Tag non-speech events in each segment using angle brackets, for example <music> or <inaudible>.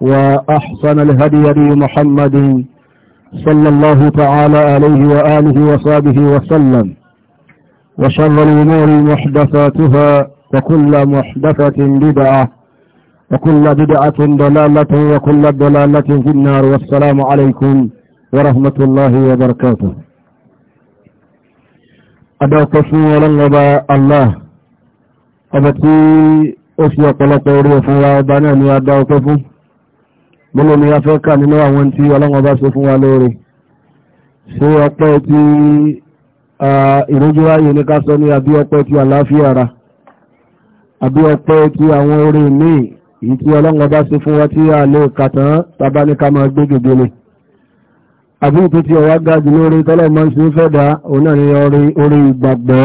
وأحسن الهدي هدي محمد صلى الله تعالى عليه وآله وصحبه وسلم وشر الأمور محدثاتها وكل محدثة بدعة وكل بدعة ضلالة وكل ضلالة في النار والسلام عليكم ورحمة الله وبركاته قسم ولنبا الله أبتي أفيا قلت أوريا فلا أبانا قسم mọ́lọ́ ni a fẹ́ kà nínú àwọn tí ọlọ́wọ́n bá ṣe fún wa lóore ṣé ọpẹ́ tí ìrójú ayé ní ká sọ ní àbí ọpẹ́ tí àlàáfíà ara àbí ọpẹ́ tí àwọn orí míì èyí tí ọlọ́wọ́n bá ṣe fún wa tí a lè kàtàn tàbá ní ká máa gbé gègèlè àbí ìtò tí ọwá ga jù lórí tọ́lọ̀ máa ń ṣe fẹ́dà òun náà ni orí ìgbàgbọ́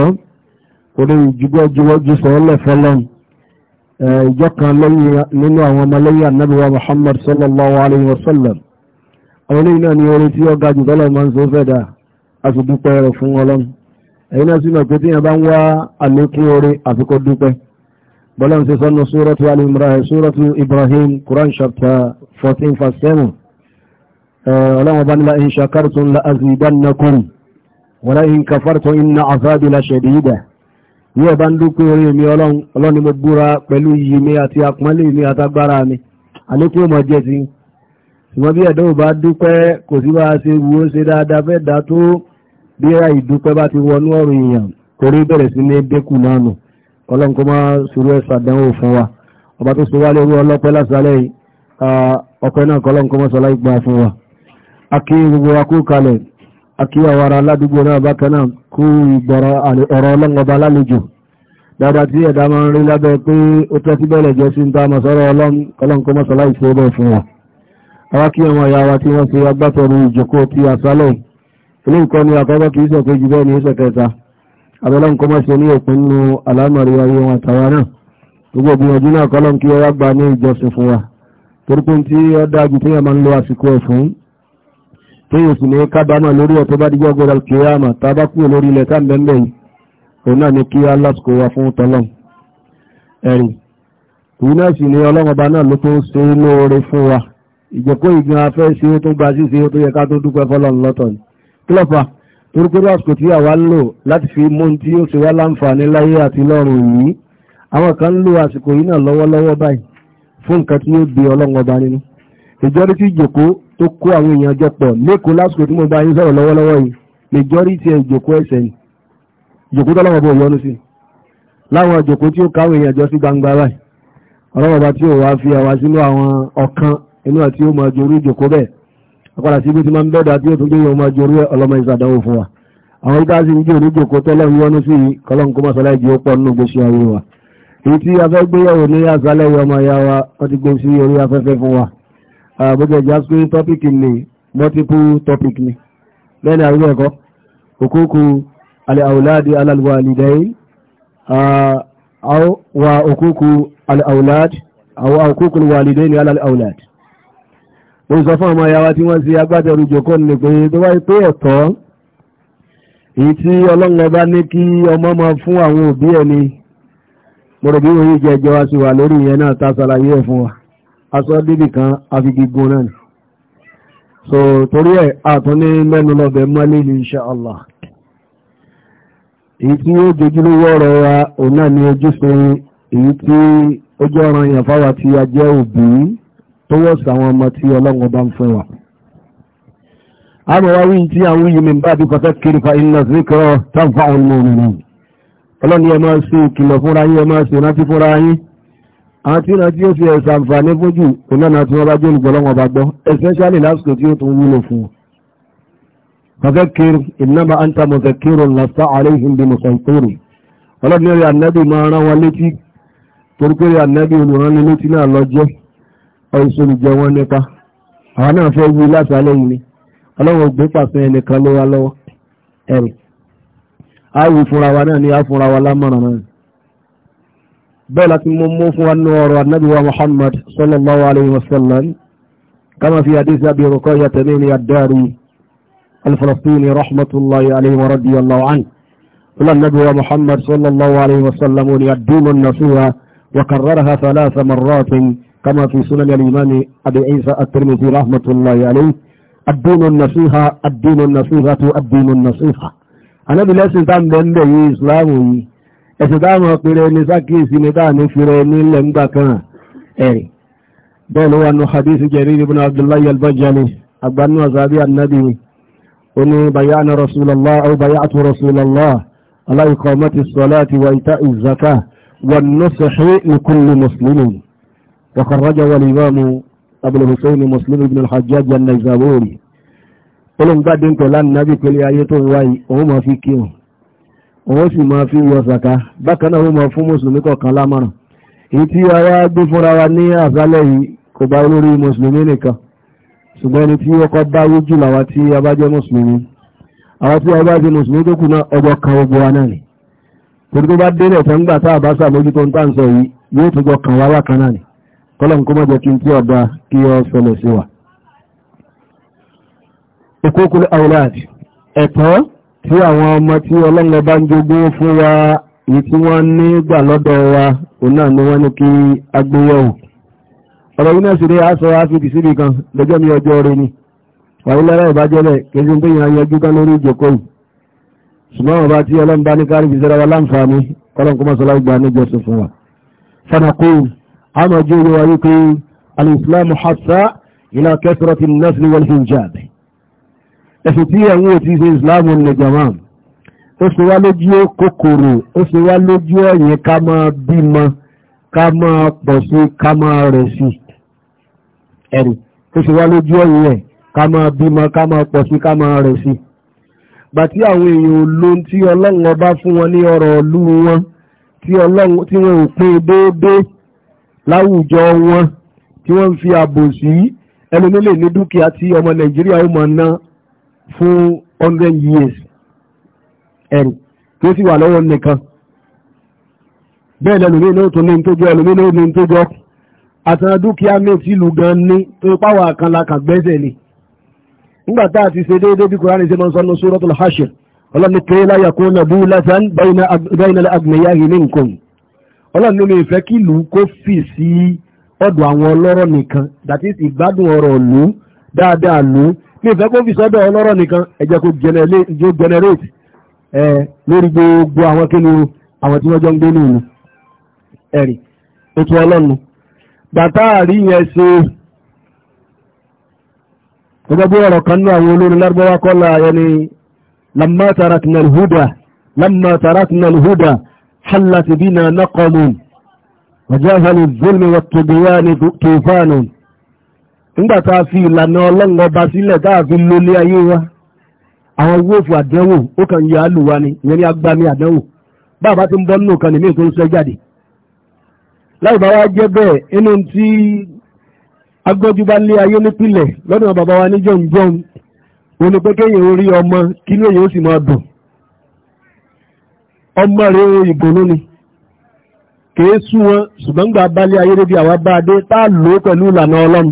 orí ìjúgbọ́ juwọ́ ju sọ́ọ́lẹ̀ fọ́lọ́mù ìjọ kan nínú àwọn ọmọlẹ́yìn anábíwá Muhammad sallallahu alayhi wa sallam àwọn eléyìí náà ni orin tí ó ga jù tọ́lọ̀ máa ń so fẹ́ dà a sì dúpẹ́ rẹ̀ fún ọlọ́run ẹ̀yin náà sì mọ̀ pé tíyàn bá ń wá àlékún orin àfikọ́ dúpẹ́ bọ́lá ń ṣe sọ́nà súrọ́tù alimran súrọ́tù Ibrahim Quran chapter fourteen verse seven ọlọ́run bá nílá ní ọba ń dúpẹ́ orí mi ọlọ́run ni mo búra pẹ̀lú iyì mi àti àpọ́nlé mi àtagbára mi àlékún ọmọ jẹ́ ti ṣùgbọ́n bí ẹ̀dọ́ bá dúpẹ́ kò sí bá ṣe wo ṣe dáadáa fẹ́ dá tó bí ra ìdúpẹ́ bá ti wọnú ọ̀rọ̀ èèyàn torí bẹ̀rẹ̀ sí ní dẹ́kù náà nù ọlọ́run ẹ̀ akíyàwó ara aládùúgbò náà bákan náà kú ìgbọ̀rọ̀ ọ̀rọ̀ ọlọ́ngọba lálejò dáadáa tí ẹ̀dá máa ń rí lábẹ́ pé ó tọ́ sí bẹ́ẹ̀lẹ̀ jẹ́ sí ń ta mọ̀sọ́rọ̀ ọlọ́nkọ́ mọ́sọ́lá ìṣe bẹ́ẹ̀ fún wa àwa kí àwọn ìyá wa tí wọ́n ṣe agbátẹrù ìjókòó ti àṣálẹ̀ ilé ìkọ́ ni àkọ́kọ́ kìí ṣe kejì bẹ́ẹ̀ tí yóò sì ní kábàámà lórí ọ̀tọ́ bá díjọ́ gbọ́dọ̀ kìíyàmà tàbá kúrò lórí ilẹ̀ táàbẹ̀mẹ̀ yìí ni kí aláṣkò wa fún tọ́lọ́n ẹ̀rì ìwú náà sì ní ọlọ́mọba náà ló tó ń ṣe lóore fún wa ìjẹ́kó ìgbìn afẹ́ ṣe ó tó gba ṣíṣe ó tó yẹ ká tó dúpẹ́ fọ́lọ́n lọ́tọ̀ ni kí ló fà torípérò àsìkò tí àwa ń lò láti fi mú ìjọ́rí tí ìjòkó tó kó àwọn èèyàn jọ pọ̀ lẹ́kọ̀ọ́ lásìkò tí mo bá yín sọ̀rọ̀ lọ́wọ́lọ́wọ́ yìí majority ẹ̀ ìjòkó ẹ̀sẹ̀ ni ìjòkó tó lọ́wọ́ bó yọnu sí láwọn ìjòkó tí ó káwọn èèyàn jọ sí gbangba báyìí ọlọ́wọ́ bá tí ó wá fi àwa sínú àwọn ọ̀kan inú àti ó máa jorú ìjòkó bẹ́ẹ̀ àpàdà sí ibi tí máa ń bẹ́ẹ̀dà tí ó tún gbé yọ máa jorú ọlọ́mọ ìsàdánwò fún wa àwọn ìdá sí ìjì òní jòkó tọ́lọ́ yọnu sí kọlọ́n kó mọ́sálá ìjì ó pọ̀ nínú gbèsè ayé wa èyí tí afẹ́ ní àṣálẹ́ yọmọ ya wa wọ́n ti gbé sí orí afẹ́fẹ́ fún wa àbúgbẹ̀ ah, ìjà pé tọ́pìkì ni multiple topic ni lẹ́ni àríwẹ̀ ẹ̀kọ́ òkúkú al'auladi alalwalidai ah, wa òkúkú al'auladi àwọn òkúkú walidai ni alal'auladi mo sọ fún ọmọ ìyàwó tí wọ́n sí agbájẹrù jòkó ní pé tó wáyé pé ẹ̀tọ́ èyí tí ọlọ́run bá ní kí ọmọ máa fún àwọn òbí ẹni mo rò bí wọ́n yí jẹjọ wa sí wà lórí ìyẹn náà tá ṣàlàyé ẹ̀ fún wa aṣọ débì kan àfi náà so torí ẹ̀ àtún ní mẹ́nu lọ́bẹ̀ mọ́lé ní insha Allah èyí tí ó jojúlówó ọ̀rọ̀ wa òun náà ni ojúṣe èyí tí ó jẹ́ ọ̀ràn èèyàn fáwa tí a jẹ́ òbí tó wọ́ sí àwọn ọmọ tí ọlọ́run bá ń fún wa àmọ́ wí tí àwọn yìí mìíràn bá bí kọta kiri fa iná sí kọ́ tán fáwọn ọmọ òmìnira ọlọ́run yẹ máa ṣe ìkìlọ̀ fúnra yín yẹ máa ṣe rántí fúnra yín àwọn tí náà tí ó fi ẹ̀sà àǹfààní fójú ìlànà tí wọ́n bá jẹ́ olùgbọ́lọ́wọ́ bá gbọ́ especially lásìkò tí ó tún wúlò fún un fàfẹ́kìrì ìnáma àǹtà mọ̀fẹ́kìrì lásà àríhìn bí mọ̀sántóòrì ọlọ́dún ànábì máa rán wọn létí torípé ànábì olùránni létí náà wọn nípa àwọn náà fẹ́ wí ni بلا مموف والنور والنبي محمد صلى الله عليه وسلم كما في حديث أبي رقية تميمي الداري الفلسطيني رحمة الله عليه ورضي الله عنه قال النبي محمد صلى الله عليه وسلم يدين النصيحة وكررها ثلاث مرات كما في سنن الإمام أبي عيسى الترمذي رحمة الله عليه الدين النصيحة الدين النصيحة الدين النصيحة أنا بلا سلطان بين إسلامي ẹ̀sùn táwọn ọpẹrẹ ní sákìsí ní táà ní fìrẹ ní ilẹ̀ ń gbà kan ẹ̀rì bẹ́ẹ̀ ló wà ní hadithi Jarir ibn Abdullahi al-Bajali agbanú azabi annabi oní bayana rasulallah au bayatu rasulallah ala iqamati salati wa ita izaka wa nusuhi li kulli muslimin wa kharraja wal imamu abul husayn muslim ibn al-hajjaj an-naysaburi olùgbàdín pẹ̀lú annabi pẹ̀lú ayé tó wáyé òun ma fi kíhùn wọ́n sì máa fi wọ sàká bákan náà wọ́n máa fún mùsùlùmí kọ̀ọ̀kan lámọ̀ràn èyí tí ara gbé fúnra wa ní àṣálẹ̀ yìí kò bá olórí mùsùlùmí nìkan ṣùgbọ́n ẹni tí ó kọ́ bá wójú làwa tí a bá jẹ́ mùsùlùmí àwọn tí a bá jẹ́ mùsùlùmí tó kù náà ọgbọ́ kan ogun wa náà ni torí tó bá délẹ̀ tán gbà tá a bá ṣàmójútó ń tàn sọ yìí yóò tún jọ kàn wá wá náà ni kọ́lọ̀ ẹ̀tọ́ tí àwọn ọmọ tí ọlọ́run bá ń jogún fún wa èyí tí wọ́n ní gbà lọ́dọ̀ wa òun náà ni wọ́n ní kí agbóyẹ̀wò ọ̀rọ̀ yìí náà sì rí aṣọ áfíìkì síbi kan lọ́jọ́ mi ọjọ́ rẹ ni wàyí lára ìbájẹ́lẹ̀ kejì ń tẹ̀yìn ayanjú kan lórí ìjòkó ṣùgbọ́n ọba tí ọlọ́run bá ní kárí ẹ̀sìn tí ẹ̀wọ̀n ò ti ṣe islam ní jama ó ṣe wá lójú kòkòrò ó ṣe wá lójú ẹ̀yìn ká máa bímọ ká máa pọ̀ sí ká máa rẹ̀ sí ẹ̀rù ó ṣe wá lójú ẹ̀yìn ẹ̀ ká máa bímọ ká máa pọ̀ sí ká máa rẹ̀ sí gbàtí àwọn èèyàn olóhun tí ọlọ́run ọba fún wọn ní ọrọ̀ ọlú wọn tí ọlọ́run tí wọn ò pín déédéé láwùjọ wọn tí wọ́n ń fi àbòsí ẹlòmílè ní dúkìá tí ọmọ nàìjíríà ó máa ná fún hundred years ẹ̀rù ó sì wà lọ́wọ́ nìkan bẹ́ẹ̀ lẹ́lùmí náà tó ní tó jọ ẹlùmí náà ní tó jọ àtàrà gan ní tó páwà kan lákà gbẹ́sẹ̀ ni nígbà tá a ti ṣe déédéé bí kúránì ṣe máa sọ ní suratul mi ìfẹ́ kó fi sọ́dọ̀ ọlọ́rọ̀ nìkan ẹ̀jẹ̀ kó generate ẹ̀ lórí gbogbo àwọn kí ni àwọn tí wọ́n jọ ń gbé nìyí ẹ̀rì ètò ọlọ́nu bàtà àrí yẹn ṣe gẹ́gẹ́ bí ọ̀rọ̀ kan ní àwọn olórin lárúbáwá kọ́lá ẹni lamma tarakna al lamma tarakna al-huda bina naqamun wa jahalu adh-dhulmi tufanun nígbà tá a fi ìlànà ọlọ́run ọba sílẹ̀ tá a fi lólé ayé wa àwọn wóòfù àdánwò ó kàn yà á lù wa ni ìyẹn ni agbami àdánwò bàbá ti ń bọ́ nínú kan nìmí tó ń sẹ́ jáde láì bá wa jẹ́ bẹ́ẹ̀ inú tí agbọ́júbá lé ayé nípìnlẹ̀ lọ́dún bàbá wa ní jọ̀ǹjọ̀ǹ òun ni pé kéèyàn orí ọmọ kí ló yóò sì máa dùn ọmọ rẹ̀ ìbònú ni kèé sú wọn ṣùgbọ́n gbà balẹ̀ ayé débi àwa bá a dé tá a lò ó pẹ̀lú ìlànà ọlọ́run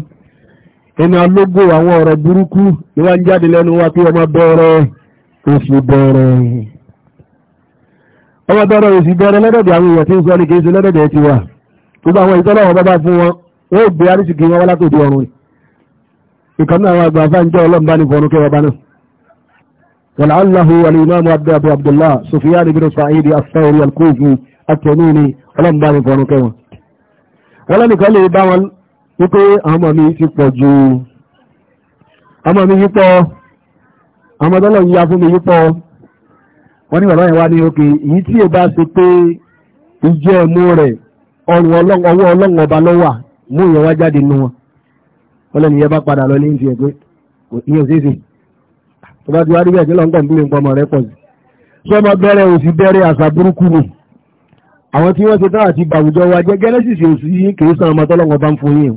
ẹni alógó àwọn ọ̀rọ̀ burúkú ni wá ń jáde lẹ́nu wá pé ọmọ bẹ̀rẹ̀ oṣù bẹ̀rẹ̀ ọmọ bẹ̀rẹ̀ oṣù bẹ̀rẹ̀ lẹ́dẹ̀dẹ̀ àwọn èèyàn tí ń sọ ní kìí ṣe lẹ́dẹ̀dẹ̀ ti wà gbogbo àwọn ìtọ́lọ̀ wọn bábá fún wọn ó gbé arísìkì wọn wá látòdì ọ̀run ìkànnì àwọn àgbà fáńjẹ́ ọlọ́mbánifọ̀nù kẹwàá bá náà ولعله الإمام أبو عبد الله سفيان بن سعيد الثوري الكوفي التميمي ولم بارك ونكوه ولم يقل بان wípé àwọn ọmọ mi ti pọ̀ ju ọmọ mi yípọ̀ ọmọ tọ́lọ̀ yíya fún mi yípọ̀ wọ́n ní bàbá yẹn wá ní òkè èyí tí ó bá ṣe pé ìjẹ́ ẹ̀mú rẹ̀ ọrùn ọwọ́ ọlọ́run ọba lọ́wà mú ìyẹn wá jáde nù wọn ọlọ́run yẹn bá padà lọ ní ìdí ẹ̀ pé ìyẹn ò ṣeéṣe tó bá ti wá rí bẹ́ẹ̀ kí lọ́ńgàn bí mi nǹkan ọmọ rẹ pọ̀ sí ṣé ọmọ bẹ̀rẹ̀ òsì bẹ̀rẹ̀ àṣà burúkú ni àwọn tí wọ́n ṣe tán àti bàwùjọ wa jẹ́ gẹ́lẹ́sìsì òsì yìí kì í san ọmọ tọ́lọ́run ọba ń fún yìí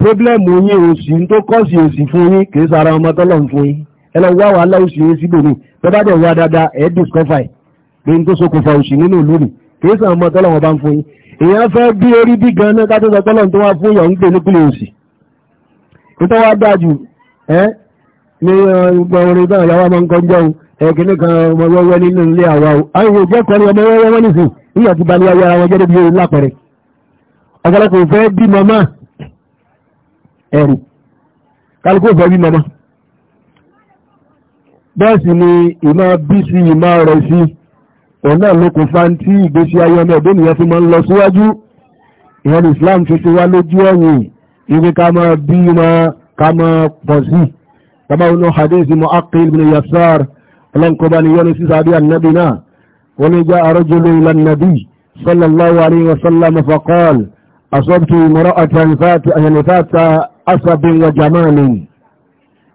pírọ́blẹ́mù yín òsì tó kọ́sì òsì fún yín ọmọ tọ́lọ̀ fún yín wá wàhálà yín bá dẹ̀ wá dáadáa ẹ̀ dìskọ́fà ẹ̀ pé n tó osi nínú ọmọ tọ́lọ̀ wọn bá ń fún yín èèyàn fẹ́ bí orí bí gan náà kátó sọ tọ́lọ̀ tó wá fún yàn ń gbé nípìnlẹ̀ dáa jù kan ọmọ wẹ́wẹ́ nínú ilé àwa o kọ́ni ọmọ wẹ́wẹ́ wọ́n nìsín ayé ara wọn jẹ́ débi ẹrù kálukú fẹ́ bí mọ́mọ́ bẹ́ẹ̀ sì ni ìmọ̀ bí sí ìmọ̀ rẹ̀ sí òun náà ló kò fa tí ìgbésí ayé ọmọ ẹ̀dọ́ nìyẹn fi máa ń lọ síwájú ìyẹn Islam fi ṣe wá lójú ẹ̀yìn ìwé ká máa bí mọ́ ká máa pọ̀ sí tàbá wọn náà hadith mọ́ Aqil ibn Yasar ọlọ́nkọba ni yọ́nu sí sàbí ànábì náà wọ́n ní jẹ́ arọ́jọ́lẹ̀ ìlànà nàbí sallallahu alayhi wa sallam faqal asabtu imra'atan fata asab wa jamalin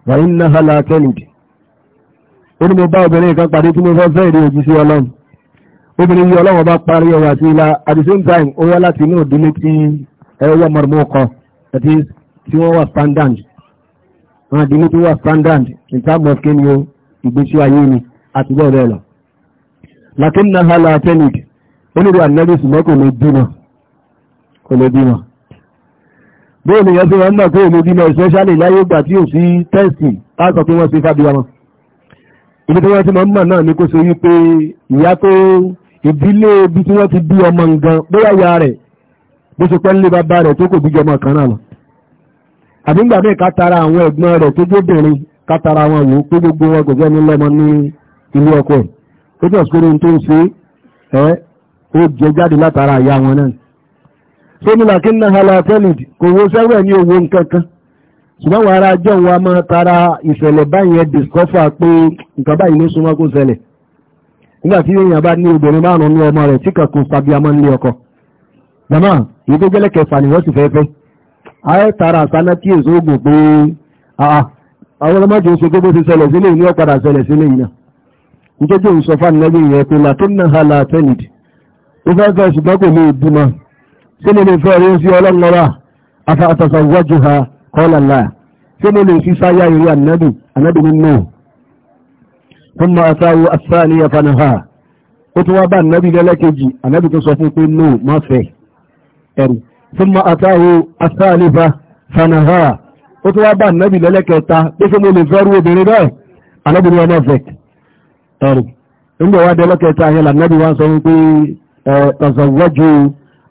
wa innaha la kalid mo bá obìnrin kan pàdé tí mo fẹ́ fẹ́ ìdí òjì sí ọlọ́run obìnrin yìí ọlọ́run bá parí ọwọ́ àti ilá at the same time ó wá láti inú ìdílé tí ẹwọ́ mọ̀rọ̀mọ́ kọ àti tí wọ́n wà standard wọ́n àdílé tí wọ́n wà standard in terms of kíni o ìgbésí ayé ni àti bẹ́ẹ̀ bẹ́ẹ̀ lọ. lakin na hala tenic onírú ànábì sùgbọ́n kò lè bímọ kò lè bóò ni yẹn tí wọ́n mọ̀ pé òmùdínà especially láyé ìgbà tí ò sí tẹ́sì láàtọ̀ pé wọ́n sí fábíwá wọn ibi tí wọ́n ti mọ̀ náà ni kó ṣe wípé ìyá tó ìdílé ibi tí wọ́n ti bí ọmọ nǹkan bóyá ìyá rẹ̀ bó ṣe pẹ́ńlé bàbá rẹ̀ tó kò bí jọmọ kan náà lọ àbí ńgbà bẹ́ẹ̀ ká tara àwọn ẹ̀gbọ́n rẹ̀ tó jóbìnrin ká tara wọn wò pé gbogbo wọn kò jẹ́ ní lọ́mọ ní ilé ọkọ ẹ̀ ó jẹ́ òṣèré tó ń ṣe ẹ́ ó jẹ jáde látara ìyá wọn náà tó ní làkínà halatẹ́lìd kò wo sẹ́wẹ̀ ní owó nkankan ṣùgbọ́n wàá ara jẹ́ òun a máa tara ìṣẹ̀lẹ̀ báyìí ẹ̀ discover pé nǹkan báyìí ló súnmọ́ kó ṣẹlẹ̀ nígbà tí èèyàn bá ní obìnrin márùn-ún ní ọmọ rẹ̀ tí kankan tàbí amọ́ nílé ọkọ jama èyí tó jẹ́lẹ̀ kẹfà ni wọ́n sì fẹ́ẹ́ fẹ́ ayé tara àsánà tí èso oògùn pé àwọn ọlọ́mọdé ń sọ pé bó ti ṣẹlẹ̀ sílé yìí ní ọ̀padà ṣẹlẹ̀ sílé yìí náà nítorí òun sọ fáànù lẹ́yìn ìyẹn pé latin nahala tẹ́lìd ó fẹ́ fẹ́ ṣùgbọ́n kò ní ìbímọ ṣé mo lè fẹ́ rí sí ọlọ́run lọ́wọ́ afa àtàtàwọ́jú ha kọ́lá láà ṣé mo lè fi sáyà ìrí ànábì ànábì nínú ọmọ àtàwọ àtàní àfanaha ó tún wá bá ànábì lẹ́lẹ́kejì ànábì tó sọ fún pé no má fẹ́ ẹ̀rù fúnmọ́ àtàwọ àtàní fanaha ó tún wá bá ànábì lẹ́lẹ́kẹta pé ṣé lè fẹ́ rú obìnrin bẹ́ẹ̀ ànábì ni wọ́n má fẹ́ ẹ̀rù nígbà wá dẹ́lẹ́kẹta yẹn làǹnábì wá sọ wípé ẹ̀ tàzàwọ́jú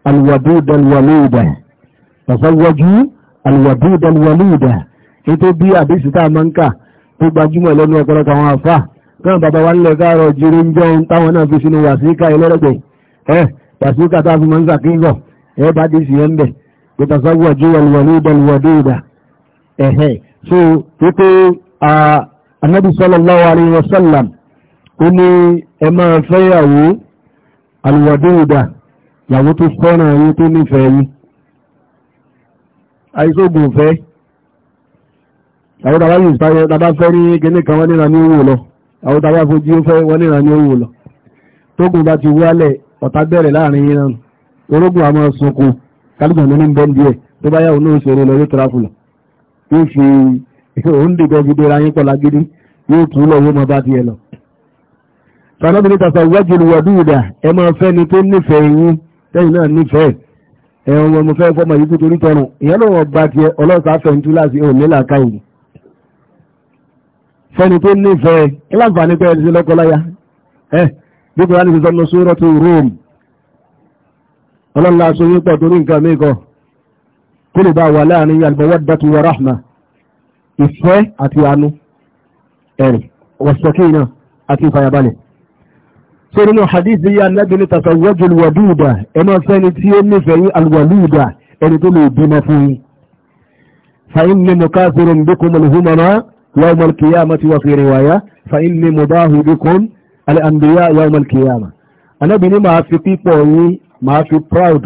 الودود الولودة تزوجوا الودود الولودة ètò bí àdísì tá a máa ń kà tó gbajúmọ̀ lẹ́nu ọ̀pọ̀lọpọ̀ àwọn àfà náà bàbá wa nílẹ̀ káàrọ̀ jírí ń jẹun táwọn náà fi sínú wàsíkà ẹlẹ́rẹ̀gbẹ̀ ẹ wàsíkà tá a fi máa ń sàkíngọ̀ ẹ bá dé sí ẹ ń bẹ̀ kò tàṣà wọ̀ ju wàlúwàlúdà lùwàdúdà so wípé anábì sallallahu alaihi wasallam ó ní ẹ ìyàwó tó fẹ́ràn yín tó nífẹ̀ẹ́ yín àìsógun fẹ́ àwọn tàbá yìí sáyẹ tàbá fẹ́ ní kíní kan wọ́n níra ní owó lọ àwọn tàbá fojú fẹ́ wọ́n níra ní owó lọ tógun bá ti wálẹ̀ ọ̀tá bẹ̀rẹ̀ láàrin yín náà orógùn àmọ́ sunkún kálùgbọ̀n ní bẹ́ẹ̀ díẹ̀ tó bá yàwó náà ṣeré lọ yóò tẹ́ra fùlọ̀ yóò fi òun dìgbọ́ gidi ra yín pọ̀ lágídí yóò tún lọ owó mọ bá tiẹ̀ lọ. sanabi ní tàṣà wájú ìwọ̀dúwìdà ẹ máa fẹ́ni tó nífẹ̀ẹ́ yín tẹ́yìn náà nífẹ̀ẹ́ ẹ̀rọ mo fẹ́ fọ́mọ yìí kó torí tọrùn ìyẹn lọ́wọ́ gba tiẹ̀ ọlọ́sàá fẹ̀yìntì láti òmìnira káyìí fẹ́ni tó nífẹ̀ẹ́ ìlànfààní pé ẹ̀sìn lọ́kọláya ẹ́ bí kò láti sọ lọ sórọ́ tó Rome ọlọ́nà aṣọ yín pọ̀ torí nǹkan mìíràn kó lè bá wà láàrin al-mawaddatu wa rahma ìfẹ́ àti àánú ẹ̀rì wa sakina àti ìfàyàbalẹ̀ sórí ní hadith yìí anábì ní tasawwaju alwaluda ẹ máa fẹ́ni tí ó nífẹ̀ẹ́ yín alwaluda ẹni tó lè bímọ fún yín فإني مكاثر بكم الهمنا يوم القيامة وفي رواية فإني مباه بكم الأنبياء يوم القيامة أنا بني ما في people ما في proud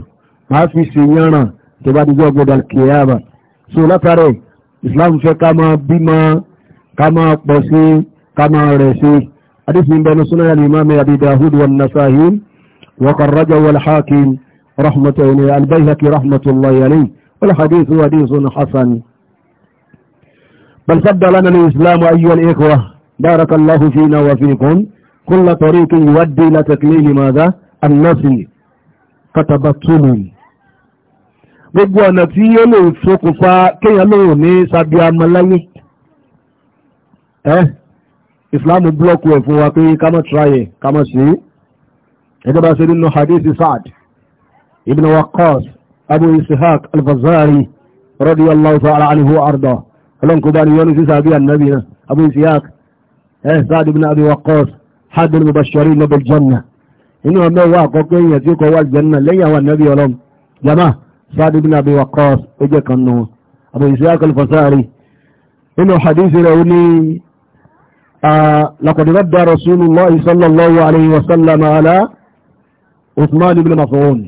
ما في سيانا تبعد جوجد القيامة سولة ترى إسلام في كما بما كما بسي كما رسي حديث من بين سنن الإمام أبي داود والنسائي وقرجه والحاكم رحمة البيهقي رحمة الله عليه والحديث حديث حسن بل سد لنا الإسلام أيها الإخوة بارك الله فينا وفيكم كل طريق يودي إلى تكليل ماذا النفي كتبطل gbogbo ọ̀nà tí ó lè ṣokùnfà kéèyàn lóòrùn ní sàbíàmọ́ láyé ẹ́ ìsìláàmù blọ́ọ̀kù ẹ̀ fún wa pé ká má tíráyẹ̀ e, ká má sí ẹgbẹ́ bá ṣe nínú hadithi Sa'd ibn Waqqas Abu Ishaq al-Fazari radiyallahu ta'ala anhu arda ọlọ́nkú bá ní yọ́nù sí sàbí annabi náà Abu Ishaq ẹ̀ Sa'd ibn Abi Waqqas hadul mubashirin bil janna inú ọmọ ẹwà àkọ́kọ́ èèyàn tí ó kọ wá janna lẹ́yìn àwọn annabi ọlọ́m jama Sa'd ibn Abi Waqqas ó jẹ́ kan nù Abu Ishaq al inú hadithi rẹ̀ ó ní لقد رد رسول الله صلى الله عليه وسلم على عثمان بن مفعون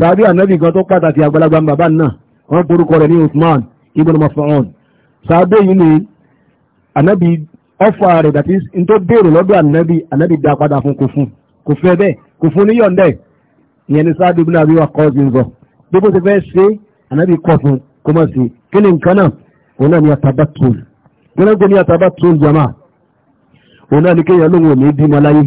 sàbí ànábì kan tó pàtàkì àgbàlagbà bàbá náà wọ́n porúkọ rẹ̀ ní Uthman ibn Maf'un sàbí yìí ni ànábì ọfà rẹ̀ dàtí n tó béèrè lọ́dọ̀ ànábì ànábì dá padà fún kò fún kò fẹ́ bẹ́ẹ̀ kò fún ní yọ̀ǹdẹ̀ ìyẹn ni Sa'd ibn Abi Waqqas ń zọ bí bó ti fẹ́ ṣe ànábì kọ̀ fún kó má ṣe kí ni nǹkan náà òun náà ni atabatul gbọ́dọ̀ gbé ní atabatul jama òun náà ni kéèyàn lóhun òní bímọ láyé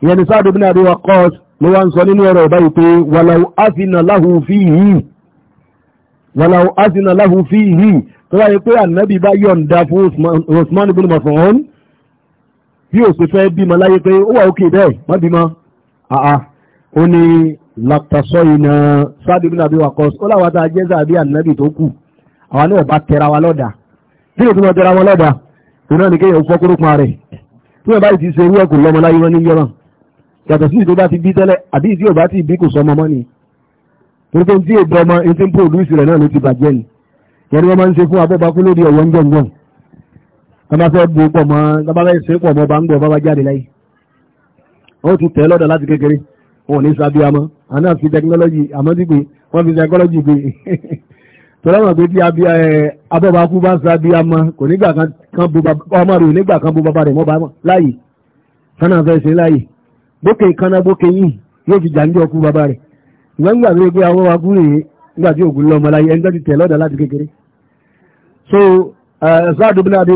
ìyẹn ni sáàdù bí nàbí wa kọ́ ló wá ń sọ nínú ọ̀rọ̀ ìbáyìí pé wàláwù áfínà láhùn fi yìí wàláwù áfínà láhùn fi yìí tó wáyé pé ànábì bá yọ̀ǹda fún Usman ibn Mas'ud bí ó sì fẹ́ bímọ láyé pé ó wà òkè bẹ́ẹ̀ má bímọ àà ó ní làtàsọ ìnà sáàdù bí nàbí wa kọ́ ó láwọn tá a jẹ́ sáàbí ànábì tó kù àwọn náà tẹra wa lọ́dà kí ni tí wọ́n tẹra wọn lọ́dà ìnáà ni fọ́kúrú pa rẹ̀ tí wọ́n bá ti ṣe ewúrẹ́ kò lọ́mọ láyé wọn ní yọ́nà yàtọ̀ sí ìtò bá ti bí tẹ́lẹ̀ àbí ìdí òbá ti bí kò sọmọ mọ́ ni torí pé tí èdè ọmọ etí ń pòdúsì rẹ̀ náà ló ti bàjẹ́ ni yẹn ni wọ́n máa ń ṣe fún abọ́bakú lórí ọ̀wọ́ ń gbọ̀ngbọ̀n bàbá fẹ́ bu pọ̀ mọ́ bàbá fẹ́ ṣe pọ̀ mọ́ bá ń gbọ̀ bàbá jáde láyé ó ti tẹ̀ lọ́dọ̀ láti kékeré wọn ò ní sábíamọ́ <laughs> tọ́lá mọ̀ pé tí eh, abọ́bakú bá ń sa bí amọ́ kò nígbà kan bo ọmọ rẹ̀ nígbà kan bo bàbá rẹ̀ mọ́ bá mọ̀ láàyè sánà fẹ́ ṣe láàyè bókè kaná bókè yìí yóò fi jàǹdí ọkú bàbá rẹ̀ ìwọ́n gbà pé pé abọ́bakú rèé nígbà tí ògùn lọ́mọ láyé ẹni tó ti tẹ̀ lọ́dà láti kékeré. so ṣáàdù bí adé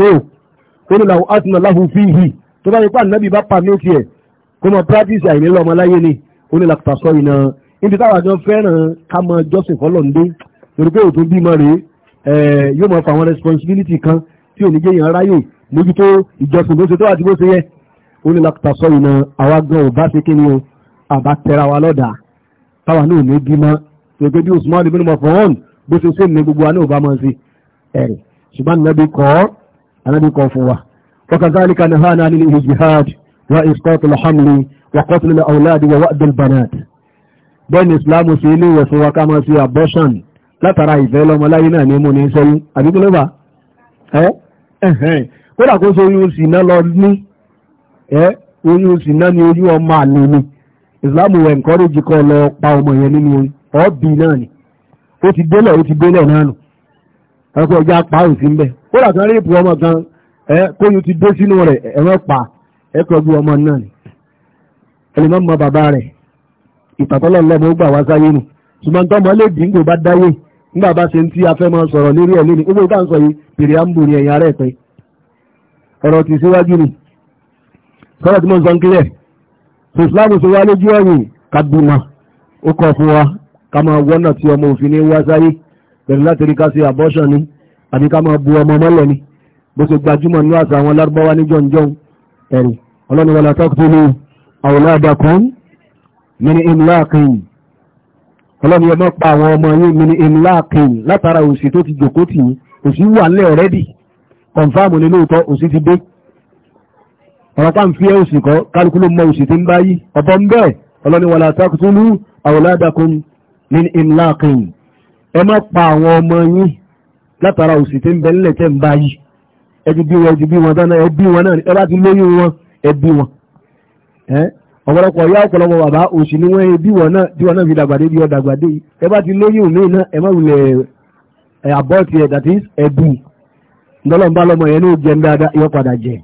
wa kọ́ tó ní làwọn àtúnà láhùn fi hì tó bá yẹ pé ànábì bá pa méjì ẹ̀ kó mọ practice àìlélọ́ ọmọ láyé ni ó ní làkùtà sọ iná níbi táwọn fẹ́ràn ká mọ jọ́sìn fọlọ́ torí pé òtún bímọ rèé yóò mọ fa àwọn responsibility kan tí ò ní jẹ́ yàn ráyè mójútó ìjọsìn bó ṣe tó àti bó yẹ ó ní láti ìnà àwa gan ò bá ṣe kí ni o àbá tẹra wa lọ́dà táwa náà ní bímọ gbogbo bí Usman ibn Affan bó ṣe ṣe ní gbogbo wa anábì kan fún wa وكذلك نهانا عن الإجهاد وإسقاط الحمل وقتل الأولاد ووأد البنات بين إسلام سيلي وسوى كما سي أبوشان لا ترى إذا ما لا ينام من سيء أبي كلبا ها ها kódà kó so oyún sínà lọ ní ẹ́ oyún sínà ni oyún ọmọ àlè ni ìsìláàmù wẹ̀ encourage kọ́ lọ pa ọmọ yẹn nínú oyún ọ́bì náà ni ó ti délẹ̀ ó ti délẹ̀ náà nù ẹ̀kọ́ pa òsì ń bẹ̀ kódà kan rí ipò ọmọ kan ẹ kóyún ti dé sínú rẹ̀ ẹ̀rọ pa ẹ̀kọ́ bí ọmọ náà ni ẹlẹ́mọ̀ mọ bàbá rẹ̀ ìtàtọ́lọ̀ lọ́mọ ó gbà wá sáyé nù ṣùgbọ́n tọ́mọ lè dín kò bá dáyé nígbà bá ṣe ń tí a máa sọ̀rọ̀ lórí ẹ̀ lónìí gbogbo ìgbà ń sọ yìí pèrè à ń borí ẹ̀yìn ara ẹ̀ pé ọ̀rọ̀ ti síwájú ni sọ́rọ̀ tí mo ń sọ ń kílẹ̀ ìsìláàmù sọ wá lójú ẹ̀yìn kaduna ó kọ̀ fún wa ká máa wọ́nà tí ọmọ òfin ní wá sáyé pẹ̀lú láti rí ká sí àbọ́ṣàn ni àbí ká máa bu ọmọ mọ́lẹ̀ ni bó ṣe gbajúmọ̀ ní àṣà àwọn lárúbáwá ní jọ̀njọ́n ẹ̀rì ọlọ́ni wala taqtulu awladakum min imlaqin ọlọ́ni ẹ má pa àwọn ọmọ yín min imlaqin látara òsì tó ti jòkó tì yín òsì wà nílẹ̀ ọ̀rẹ́dì kọ̀nfàmù ni lóòótọ́ òsì ti dé ọ̀rọ̀ pa ń fi ẹ́ òsì kọ́ kálukú ló mọ òsì ti ń bá yí ọ̀bọ ń bẹ́ẹ̀ ọlọ́ni wala taqtulu awladakum min imlaqin ẹ má pa àwọn ọmọ yín látara òsì tí ń bẹ nílẹ̀ tẹ́ ń bá yìí ẹjú bí wọn ẹjú bí wọn dáná ẹbí wọn náà ẹ bá ti lóyún wọn ẹbí wọn ọ̀pọ̀lọpọ̀ ìyá ọ̀pọ̀lọpọ̀ bàbá òsì ni wọ́n ẹbí wọn náà tí wọn náà fi dàgbàdé bí ọ̀dàgbàdé yìí ẹ ti lóyún mí náà ẹ má wulẹ̀ àbọ̀tì ẹ̀ that is ẹbí ńlọ́lọ́mbà lọ́mọ yẹn ní oúnjẹ dáadáa yọ padà jẹ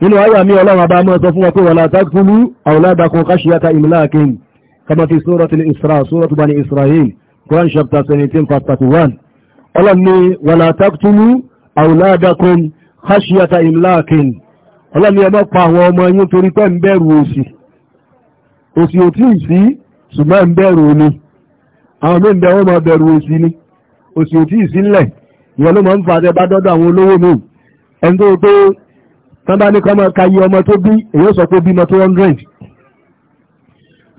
nínú ayé mi ọlọ́run abá mọ́ sọ fún wọn pé wala taqtulu awladakum khashyata imlakin kama chapter seventeen verse one ọlọ́run ní wàlá taqtulu awladakum khashyata imlakin ọlọ́run ní ẹ má pa àwọn ọmọ yín torí pé ń bẹ̀rù òṣì òṣì ò tí ì sí ṣùgbọ́n ń bẹ̀rù ni àwọn mí ń bẹ wọ́n máa bẹ̀rù òṣì ni òṣì ò tí ì sílẹ̀ ìyẹn ló máa ń fàdé bá dọ́dọ̀ àwọn olówó mi ẹni tó tó tán ní kọ́ ka iye ọmọ tó bí èyí sọ pé bímọ two hundred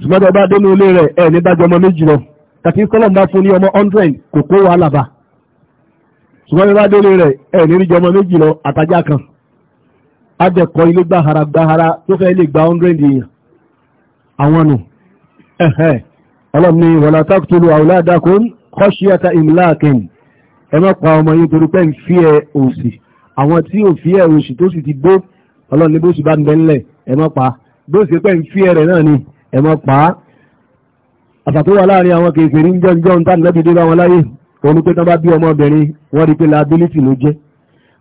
ṣùgbọ́n tó bá dénú ilé rẹ̀ ẹ̀ ní bájọ ọmọ méjì lọ kàkí kọ́lọ̀ bá fún ní ọmọ hundred kò kó wàhálà bá ṣùgbọ́n bá délé rẹ̀ ẹ̀ ní ríjọ ọmọ méjì lọ àtajá kan adẹ̀kọ́ ilé gbáhara gbáhara tó fẹ́ lè gba 100 èèyàn àwọn nù ẹ̀hẹ́ ọlọ́run ni wala taqtulu awladakum khashyata imlakin ẹ má ọmọ yín torí pé ń fi ẹ òsì àwọn tí ò fi ẹ òsì tó sì ti gbó ọlọ́run bó sì bá ń bẹ ńlẹ̀ òun ni pé tán bá bí ọmọbìnrin wọ́n rí pé liability ló jẹ́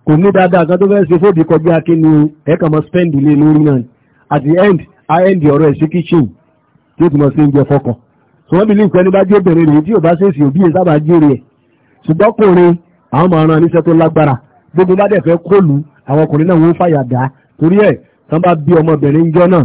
kò ní dáadáa kan tó fẹ́ ṣe fóòdì kọjá kí ni ẹ̀ka mọ́ spend ilé lórí náà at the end i end ọ̀rọ̀ ẹ̀ sí kitchen tí ó ti mọ̀ sí oúnjẹ fọkàn so wọ́n bí nǹkan ẹni bá jẹ́ obìnrin rèé tí ò bá ṣèṣì òbí yẹn sábà jèrè ẹ̀ ṣùgbọ́n kùnrin àwọn máa ran níṣẹ́ tó lágbára gbogbo bá dẹ̀ fẹ́ kólu àwọn ọkùnrin náà wọ́n fàyà dá torí ẹ̀ tán bá bí ọmọbìnrin jọ náà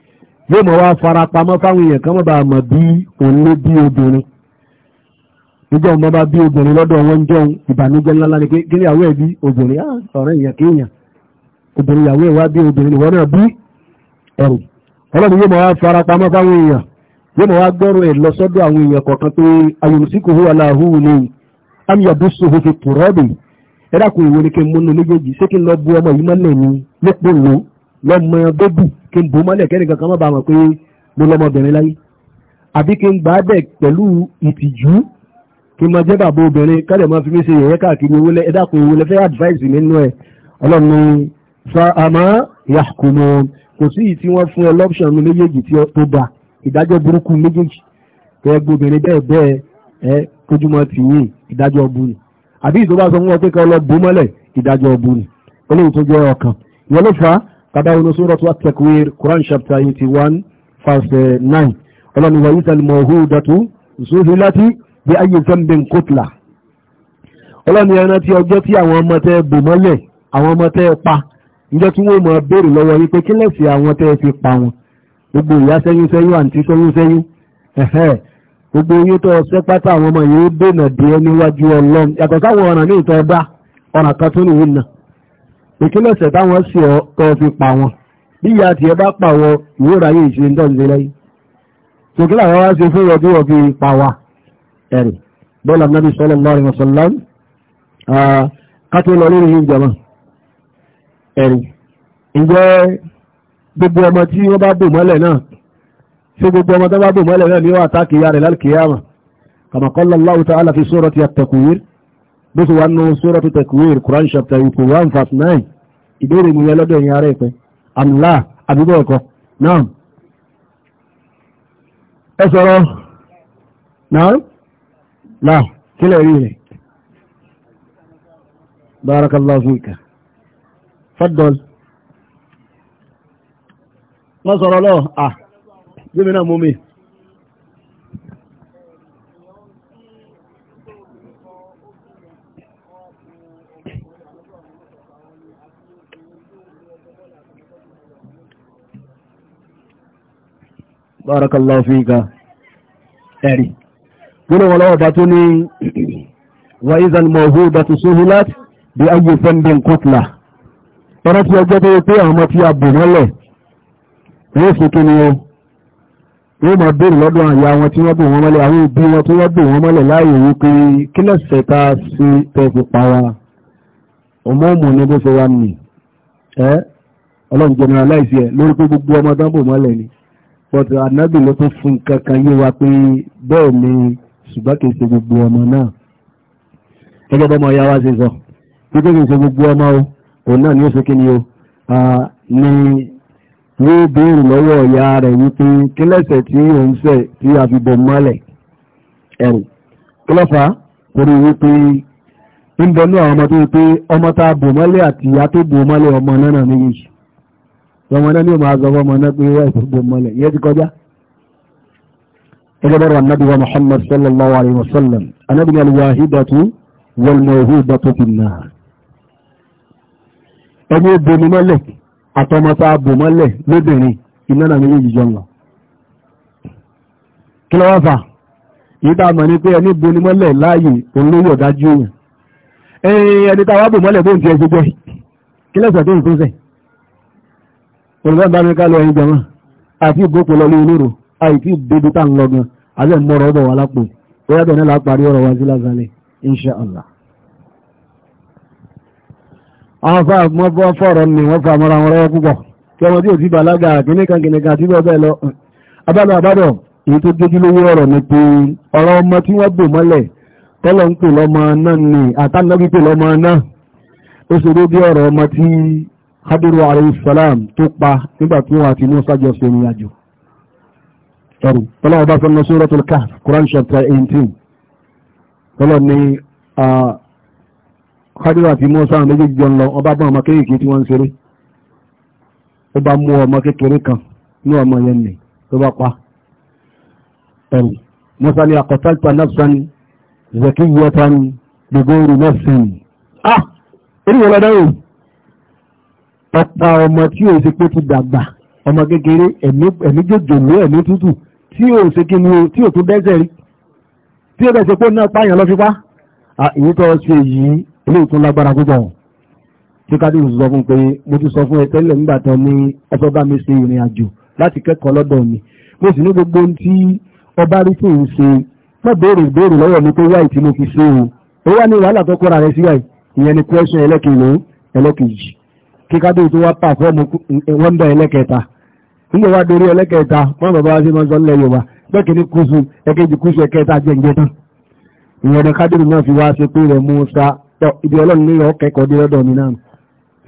yóò mọ̀ wá fara pamọ́ fáwọn èèyàn kan mọ̀ bá mọ̀ bí òun ló bí obìnrin níjọ́ ọmọ bá bí obìnrin lọ́dọ̀ wọn ń jọun ìbànújẹ́ ńlá ni pé kí ni ìyàwó ẹ̀ bí obìnrin á ah, ọ̀rẹ́ èèyàn kí èèyàn obìnrin ìyàwó ẹ̀ wá bí obìnrin ìwọ náà bí ẹ̀rù ọlọ́run yóò mọ̀ wá fara pamọ́ fáwọn èèyàn yóò mọ̀ wá gbọ́rọ̀ ẹ̀ lọ sọ́dọ̀ àwọn èèyàn kọ̀ọ̀kan pé ayọ̀mùsíkò hó aláhù ni amíyàbùsù hó fi tùrọ́ọ̀bì ẹ dákun ìwé ni kí n múnú méjèèjì ṣé kí n lọ bu ọmọ yìí mọ́lẹ̀ ni lépò lòó lọ́mọ bébù kí n bò mọ́lẹ̀ kẹ́nìkan kan má bàa mọ̀ pé mo lọ́mọbìnrin láyé àbí kí n gbà á bẹ̀ pẹ̀lú ìtìjú kí n máa jẹ́ bàbá obìnrin kálẹ̀ máa fi mí ṣe yẹ̀yẹ́ káàkiri owó lẹ́ ẹ̀dá kan owó lẹ́ fẹ́ advice nínú ẹ̀ ọlọ́run fa àmọ́ yàkùnmọ́ kò sí ìtí wọ́n fún ẹ lọ́pṣọ̀n mi méjèèjì tó dáa ìdájọ́ burúkú méjèèjì kẹ́ gbóbìnrin bẹ́ẹ̀ bẹ́ẹ̀ ẹ kójúmọ́ tì yín ìdájọ́ ọbú ni àbí ìtọ́ bá sọ fún wọn pé kọ́ lọ bó mọ́lẹ̀ ìdájọ́ ọbú ni olóòótọ́ jẹ́ ọkàn ìyẹn kàdáwọn sórọ̀tù at-Takwir Quran chapter eighty one verse nine ọlọ́ni wa isa al-mawhudatu zuhilati bi ayyi dhanbin qutla ọlọ́ni ẹran tí ọjọ́ tí àwọn ọmọ tẹ bò mọ́lẹ̀ àwọn ọmọ tẹ pa ǹjẹ́ tí wọ́n mọ̀ béèrè lọ́wọ́ yín pé kí lẹ́sìn àwọn tẹ fi pa wọn gbogbo ìyá sẹ́yìn sẹ́yìn àǹtí sẹ́yìn sẹ́yìn ẹ̀hẹ́ gbogbo oyún tó ọsẹ́ pátá àwọn ọmọ yìí dènà díẹ̀ níwájú ọlọ́run yàtọ̀ sáwọn ọ̀ràn ní ìtọ́ ọba ọ̀ràn kan tó nìyí náà ìkílọ̀sẹ̀ táwọn sí ọ tó fi pa wọn bí ìyá tiẹ̀ bá pa wọn ìwúra yìí ṣe ń dọ́ǹde lẹ́yìn tòkí làwọn wá ṣe fún ọdún ọ̀fi pa wa ẹ̀rì bọ́ọ̀lù ànábì sallallahu alaihi wasallam kátó lọ lórí ìjọba ẹ̀rì ǹjẹ́ gbogbo ọmọ tí wọ́n bá bò mọ́lẹ̀ náà ṣé gbogbo ọmọ tó bá ta'ala fi surati at-takwir bó ṣe wà nù suratu Takwir Quran chapter eighty one verse nine ìbéèrè mi yẹn lọ́dọ̀ ẹ̀yin ara ẹ̀pẹ́ àmìlá àbíbọ̀ ẹ̀kọ́ náà ẹ sọ̀rọ̀ náà náà kílẹ̀ rí rẹ̀ barakallahu fika faddal wọ́n sọ̀rọ̀ lọ́ọ̀ à ah, barakallahu fika ẹ̀rí gbọ́nà wọn lọ́wọ́ bá tó ní wa izal mawhudatu suhilat bí ayé fẹ́ndín kọ́tìlá tọ́nà tí ọjọ́ tó yẹ pé àwọn ọmọ tí a bù mọ́lẹ̀ wọ́n fi kí ni o wọ́n máa bèèrè lọ́dọ̀ àyà wọn tí wọ́n bù wọ́n mọ́lẹ̀ àwọn òbí wọn tí wọ́n bù wọ́n mọ́lẹ̀ láàyè wípé kí lọ́sẹ̀ ta sí tẹ́fù pa wa ọmọ òmù bó ṣe wá nì ẹ́ ọlọ́run jẹ́nà aláìsí ẹ̀ lórí pé gbogbo ọmọ dánbò mọ́lẹ̀ ni but ànábì ló tún fún kankan yé wa pé bẹ́ẹ̀ ni ṣùgbọ́n kì í ṣe gbogbo ọmọ náà gẹ́gẹ́ bọ́mọ ya wá ṣe sọ wípé kì í ṣe gbogbo ọmọ o òun náà ni ó ṣe kíni o ni yóò béèrè lọ́wọ́ ìyá rẹ̀ wípé kí lẹ́sẹ̀ tí òun ṣẹ̀ tí a fi bọ̀ mọ́lẹ̀ ẹ̀rù kí lọ́fà wípé ń bọ̀ ní àwọn ọmọ tó wípé ọmọ tá a bò mọ́lẹ̀ àti ìyá tó bò mọ́lẹ̀ ọmọ náà méjèèjì ọmọ náà ní ọmọ azọ́fọ́ ọmọ náà pé wá ìfúgbó mọ́lẹ̀ ìyẹn ti kọjá ẹgbẹ́ bọ́rọ̀ anábì wa muhammad sallallahu alayhi wa sallam anábì ní alwahidatu walmawhudatu finnar ẹni bomi mọ́lẹ̀ àtọmọta bò mọ́lẹ̀ lóbìnrin iná náà méjèèjì jọ lọ kí ló wá fà yìí tá a mọ̀ ní pé ẹni bomi mọ́lẹ̀ láàyè òun ló yọ̀ dájú èèyàn ẹni tá a wá bò mọ́lẹ̀ bóun ti ẹ ṣe jẹ́ kí lẹ́sẹ̀ tó ń tó sẹ́yìn olùgbà bá mi kálọ̀ ẹ̀yìn jẹmọ́ àti ìgbókò lọ lóòrò àìtí ìbébí tá ń lọ́gbọ̀n alẹ́ mọ́rọ̀ ọbọ̀ wà lápò bóyá bẹ̀rẹ̀ là parí ọ̀rọ̀ wa sí lásàlẹ̀ insha allah. àwọn fa mọ́ bọ́ fọ̀rọ̀ ni wọ́n fa mọ́ra wọn lọ́wọ́ púpọ̀ kí ọmọ tí ò ti bàlágà kìnnìkan kìnnìkan àti bẹ́ẹ̀ bẹ́ẹ̀ lọ abájọ Khadiru alayhi salam tó pa nígbà tí wọ́n àti Musa jọ sí ìrìn àjò ẹ̀rù tọ́lá ọba sọ́nà Suratul Kahf Quran chapter 18 tọ́lá ní Khadiru àti Musa àwọn méjèèjì jọ ń lọ ọba bá ọmọ kéèkéé tí wọ́n ń ṣeré ó bá mú ọmọ kékeré kan ní ọmọ yẹn nì tó bá pa ẹ̀rù Musa ní aqtalta nafsan zakiyyatan bighayri nafsin ah èyí wọ́n dáhùn ọ̀pá ọmọ tí ò ṣe pé ti dàgbà ọmọ kékeré ẹ̀mí jòjòló ẹ̀mí tútù tí ò ṣe kí ni o tí ò tún dẹ́sẹ̀ rí tí ó dẹ́sẹ̀ pé náà pààyàn lọ fipá ìwé tó ṣe yìí ilé ìtún lágbára púpọ̀ tí kádìrì sọ fún pé mo ti sọ fún ẹ tẹ́lẹ̀ nígbà tán ní ọfẹ́ bá mi ṣe ìrìn àjò láti kẹ́kọ̀ọ́ lọ́dọ̀ mi mo sì ní gbogbo tí ọba rí sí ń ṣe má béèrè ìbéèrè lọ́wọ́ mi pé wáì tí mo fi ṣe o ó wá ní wàhálà tó kóra rẹ sí ìyẹn ni question ẹlẹ́kìnlẹ́ ẹlẹ́kìnjì kí kádùn tó wá pàfọ́ọ̀mù wọ́n wa ẹlẹ́kẹta eleketa wá dorí ẹlẹ́kẹta wọ́n bàbá wá sí máa sọ nílẹ̀ Yorùbá gbẹ́kẹ̀ní kúsù ẹ̀kẹ́jì kúsù ẹ̀kẹta jẹ́ǹjẹ́ tán ìyẹn náà fi wá ṣe pé rẹ̀ mú sa ibi ọlọ́run ní ọkẹ́kọ̀ọ́ dé lọ́dọ̀ mi náà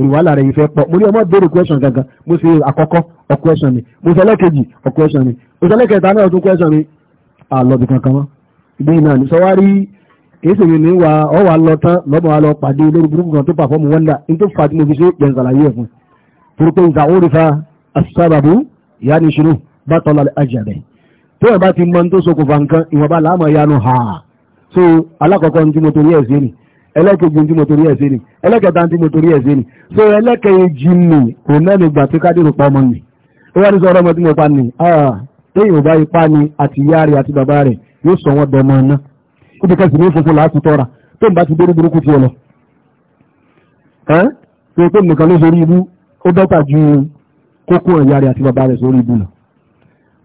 ìwàhálà rẹ̀ yìí fẹ́ pọ̀ mo ní ọmọ béèrè question gangan mo ṣe àkọ́kọ́ ọ question mi mo ṣe ẹlẹ́kẹ̀jì ọ mo náà tún àlọ́bì kankan mọ́ ibi náà ní sọ kìí ní wa ọ wà lọ tán lọ́mọ wa lọ pàdé lórí burúkú kan tó pàfọ́ọ̀mù wọ́ndà ní tó fà á tí mo fi ṣe yẹn ṣàlàyé ẹ̀fún torí pé nǹkan ó rí fa asábàbù ìyá ni ṣùnú bá tọ́lá àjàbẹ̀ tó ẹ̀ bá ti mọ tó ṣokùnfà nǹkan ìwọ̀nba láàmú ìyanu ha so alákọ̀ọ́kọ́ ní tí mo torí ẹ̀ ṣe ni ẹlẹ́kẹ̀jì ní tí mo torí ẹ̀ ṣe ni ẹlẹ́kẹ̀ta ní tí mo torí ẹ̀ ṣe ni so ẹlẹ́kẹ̀jì ni kò nẹ́nu ni ó wá ní sọ ọ̀rọ̀ ah téèyàn bá ipá ni àti ìyá rẹ̀ àti ó fi kẹsì ní a láti tọ́ra tó ń bá ti dórí burúkú tiẹ̀ lọ. ẹ́ pé pé nìkan ló sórí ibu o dota ju kókó ẹ̀yà rẹ̀ àti bàbá rẹ̀ lọ.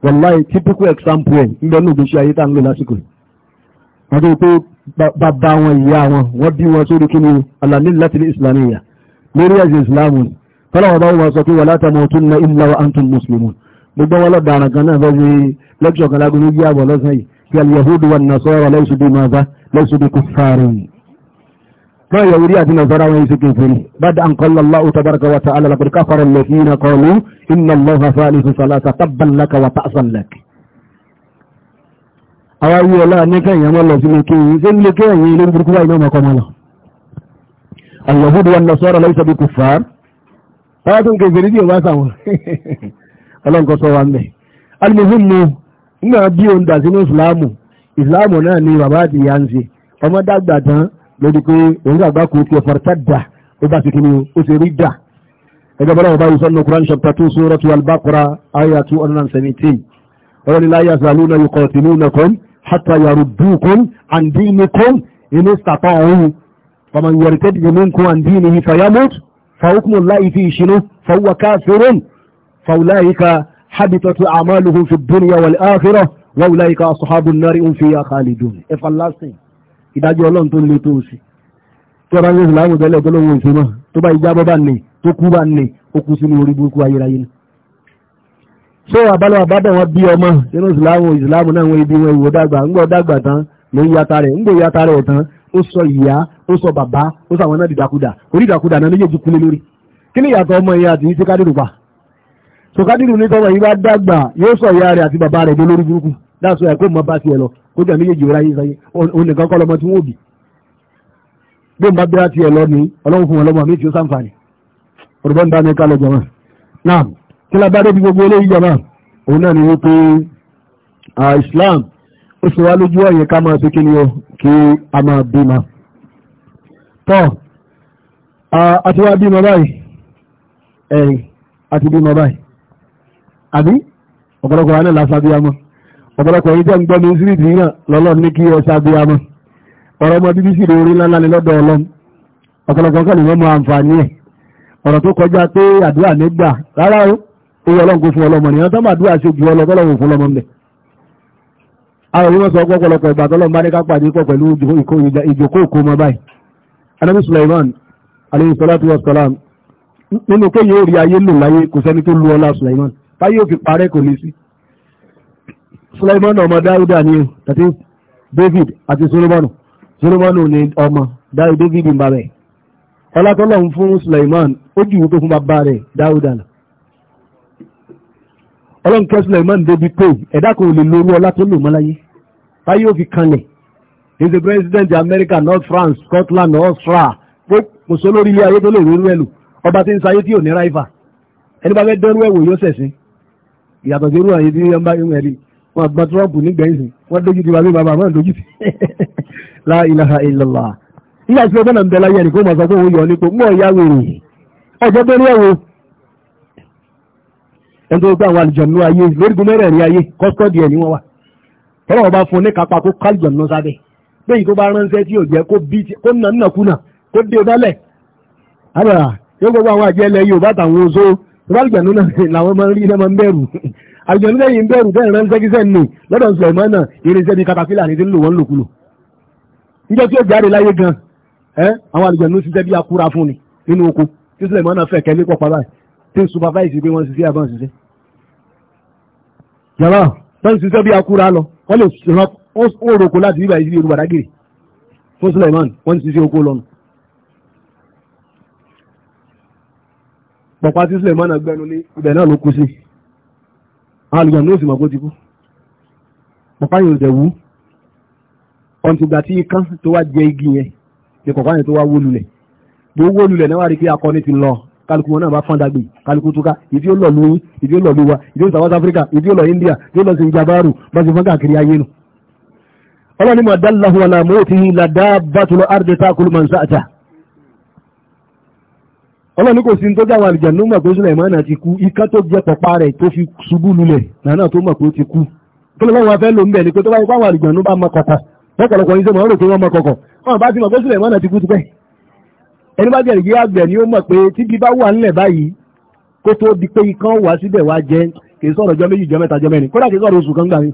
wàláì typical example ẹ̀ ndo bẹ́ẹ̀ ní ògbésí ayé tá ń lò lásìkò yìí. wọ́n tó pé bàbá ni tamutunna illa wa antum muslimun kan náà fi lẹ́kṣọ̀ kan lágbo ní فاليهود والنصارى ليسوا بماذا؟ ليسوا بكفار. ما يوري أن نظرا ليس كفر. بعد أن قال الله تبارك وتعالى لقد كفر الذين قالوا إن الله ثالث ثلاثة تبا لك وتأسا لك. أو أي لا نكاي يا الله سيكي سيكي يا الله سيكي يا الله اليهود والنصارى ليس بكفار هذا كفر دي ما سوى <laughs> المهم nígbà bí òun dà sínú ìsìláàmù ìsìláàmù náà ni bàbá àti ìyá ń ṣe ọmọ dàgbà tán lórí pé òun gbàgbà kò kí ọ̀fà tá dà ó bá sì kíni ó ṣe rí dà ẹgbẹ́ bọ́lá bàbá yìí sọ́nà Quran chapter two suratu al-Baqarah ayah two hundred and ọ̀rọ̀ ni la yazaluna yuqatilunakum hatta yaruddukum an dinikum in istata'u faman yartad minkum an dinihi habitat a'maluhum fi dunya wal akhirah wa ulaika ashabun nari hum fiha khalidun everlasting ìdájọ́ ọlọ́run to le to sí tí ọba ní ìsìlámù tẹ́lẹ̀ tó lóhun ìṣúná tó bá ìjábọ́ bá ní tó kú bá ní nne, kú sínú orí burúkú ayérayé ni. ṣé àbálẹ̀ àbábẹ̀ wọn bí ọmọ nínú ibi tan n'a sọ̀kádìrì ní tọ́wọ́ yìí bá dàgbà yóò sọ ìyá rẹ̀ àti bàbá rẹ̀ dé lórí burúkú dáṣọ ẹ̀ kó mọ bá tiẹ̀ lọ kó jẹ́ méjèèjì rẹ̀ ayé sáyé òun nìkan kọ́ lọmọ tí wọ́n bì bí n bá bẹ́ẹ̀ tiẹ̀ lọ ní ọlọ́run fún ọlọ́mọ mi tí ó sáǹfààní ọ̀rọ̀bọ́n ń bá mi kálọ̀ jọ̀mọ́ náà kí la bá débi gbogbo eléyìí jọ̀mọ́ òun náà ni wípé Islam ó sì wá lójú ọ̀yẹ̀ ká máa fi kíni o kí a máa bímọ tọ́ àti wá bímọ báyìí ẹ̀yìn àti bímọ báyìí àbí ọ̀pọ̀lọpọ̀ wa náà la sábíyamọ́ ọ̀pọ̀lọpọ̀ yìí tẹ́ ń gbọ́ mi sí ìdí náà lọ́lọ́ ní kí ẹ sábíyamọ́ ọ̀rọ̀ ọmọ bíbí sì lórí ńláńlá ni lọ́dọ̀ ọlọ́m ọ̀pọ̀lọpọ̀ kan nìyẹn mọ àǹfààní ẹ̀ ọ̀rọ̀ tó kọjá pé àdúrà mi gbà rárá o owó ọlọ́run kò fún ọlọ́mọ nìyẹn tó máa dúrà ṣe ju ọlọ́run fún ọlọ́mọ ńlẹ̀ àwọn yìí wọ́n sọ ọ̀pọ̀lọpọ̀ ìgbà tọ́lọ́run bá salam nínú kéye orí ayé lò láyé kò Sulaiman táyé òfin parẹ́ kò ní sí Sulaimanu ọmọ Dáúdà ni tàbí David àti Solomonu Solomonu ni ọmọ David ń bá bẹ́ẹ̀ ọlátọ́lọ̀ ń fún Sulaiman ó jù wípé fún bàbá rẹ̀ Dáúdà nà ọlọ́run Sulaiman débi pé ẹ̀dá kò lè lórú ọlátọ́lọ̀ mọ́láyé táyé òfin kanlẹ̀ is the president of America North France Scotland Austria kò sólórí ilé ayé tó lè rú ẹlù ọba tí ń sayé tí ò ní ráìfà ẹni bá fẹ́ dẹ́rú ẹ̀wò yóò sẹ̀sìn ìyàtọ̀ sí irú àyè tí wọ́n bá yín ẹ̀rí wọn àgbà Trump nígbẹ̀yìn wọn dójú ti wà bí bàbá wọn dójú ti la ilaha illallah ilé àti ọgbọ́n náà bẹ̀rẹ̀ ayẹ̀rì kó mọ̀ sọ pé òun yọ nípo mọ́ ìyá wèrè ọjọ́ tó rí ẹ̀wò ẹni tó gbà àwọn àlùjọ̀nù ayé lórígun mẹ́rẹ̀ẹ̀rin ayé kọ́sítọ́dì ẹ̀ ni wọ́n wà tọ́lọ́ wọn bá fún un ní kápá kó kálùjọ̀nù sábẹ́ bẹ́ẹ̀ tó bá ránṣẹ́ tí ò jẹ́ kó bí kó nà nà kùnà kó dé dálẹ̀ àbẹ̀rà yóò gbogbo àwọn rọ́ọ̀gbẹ̀nú náà <laughs> làwọn máa ń rí náà máa ń bẹ̀rù <laughs> àjọ nílẹ̀ yìí ń bẹ̀rù bẹ́ẹ̀ ránṣẹ́ kíṣẹ́ nì lọ́dọ̀ Sulaiman náà irinṣẹ́ bíi katapila ní ti ń lò wọ́n lòkulò níjọ́ tí ó jáde láyé gan ẹ́ àwọn àlùjọ̀nú ṣiṣẹ́ bíi akúra fún ni nínú oko tí Sulaiman náà fẹ̀ kẹ́lé pọ̀pá báyìí tí ń supervise pé wọ́n ṣiṣẹ́ àbọ̀n ṣiṣẹ́ yàrá wọ́n ṣiṣẹ́ bíi akúra lọ wọ́n lè roko láti bíbá ìṣ pọ̀pá tí Sulemana gbẹnu lé ibẹ̀ náà ló kú sí àwọn àlùjọ ní òsìmọ̀ kó ti kú pọ̀pá yìí ò dẹ̀ wú ọ̀ntìgbà tí ikán tó wá jẹ igi yẹn ni pọ̀pá yẹn tó wá wó lulẹ̀ bí ó wó lulẹ̀ náà wá rí pé akọni ti lọ kálukú wọn náà bá fọ́n dàgbé kálukú túká ìdí ó lọ lóyún ìdí ó lọ lówà ìdí ó South Africa ìdí ó lọ India ìdí ó lọ Zimbabwe bá ti fọ́n káàkiri ayé nu. ọlọ́ni mọ̀ dáláhùn àlàmú òtí ladá bàtúlọ̀ àrùdẹ́ta kùlùmọ̀ nsàtà ọlọ́run ní kò sí tó jáwọ́ àlìjẹ̀ ló mọ̀ pé Sùlẹ̀mánà ti kú ikán tó jẹ́ pọ̀pá rẹ̀ tó fi ṣubú lulẹ̀ nàánà tó mọ̀ pé ó ti kú kí ló lọ́wọ́ fẹ́ ló ń bẹ̀ ni pé tó bá ipá àwọn àlìjẹ̀ ló bá mọ kọ̀kọ̀ lọ́pọ̀lọpọ̀ yín sọ́mọ́ rò pé wọ́n mọ kọ̀kọ̀ wọn bá ti mọ̀ pé Sùlẹ̀mánà ti kú tipẹ́ ẹni bá jẹ̀rì àgbẹ̀ ni ó mọ̀ pé tíbi bá wà nílẹ̀ báyìí kó tó di pé ikán wà síbẹ̀ wá jẹ́ kì í sọ̀rọ̀ jọ méjì jọ mẹ́ta jọ mẹ́rin kódà kì í sọ̀rọ̀ oṣù kan gbà mí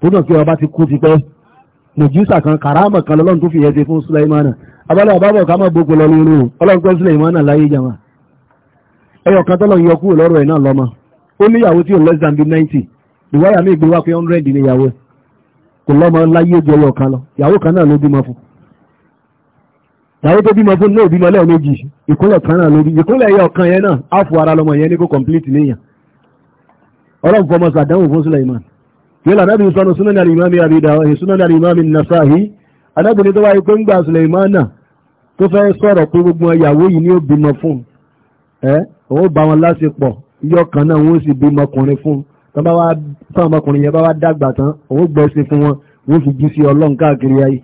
tó náà kí ọba ti kú tipẹ́ mùjísà kan kàrámà kan lọ́lọ́run tó fi yẹ ṣe fún Sulaimana abálẹ̀ àbábọ̀ ká máa gbogbo lọ ní inú ọlọ́run pẹ́ Sulaimana láyé jama ẹyọ kan tọ́lọ̀ yọ kúrò lọ́rọ̀ ẹ̀ náà lọ́mọ ó níyàwó tí ò less than ninety ìwáyà mi gbé wá pé hundred níyàwó ẹ̀ kò lọ́mọ láyé ju ẹyọ kan lọ ìyàwó kan náà ló bímọ fún ìyàwó tó bímọ fún náà bímọ lẹ́ẹ̀mejì ìkúnlẹ̀ kan náà ló bí ìkúnlẹ̀ ẹyọ kan yẹn náà á fọ ara yẹn ní kó complete níyàn ọlọ́run fọmọ sàdánwò fún yẹ́lá náà bí sọ́nà súnà ní ìmáàmì àbídáwà súnà ní ìmáàmì nasáhì alábìnrin tó wáyé pé ń gbà Sùlẹ̀mánà tó fẹ́ sọ̀rọ̀ pé gbogbo ìyàwó yìí ni ó bímọ fún ẹ́ òun bá wọn láṣepọ̀ yọ kan náà wọ́n sì bímọ ọkùnrin fún táwọn ọmọkùnrin yẹn bá wá dàgbà tán òun gbẹ̀sìn fún wọn wọ́n fi jí sí ọlọ́run káàkiri ayé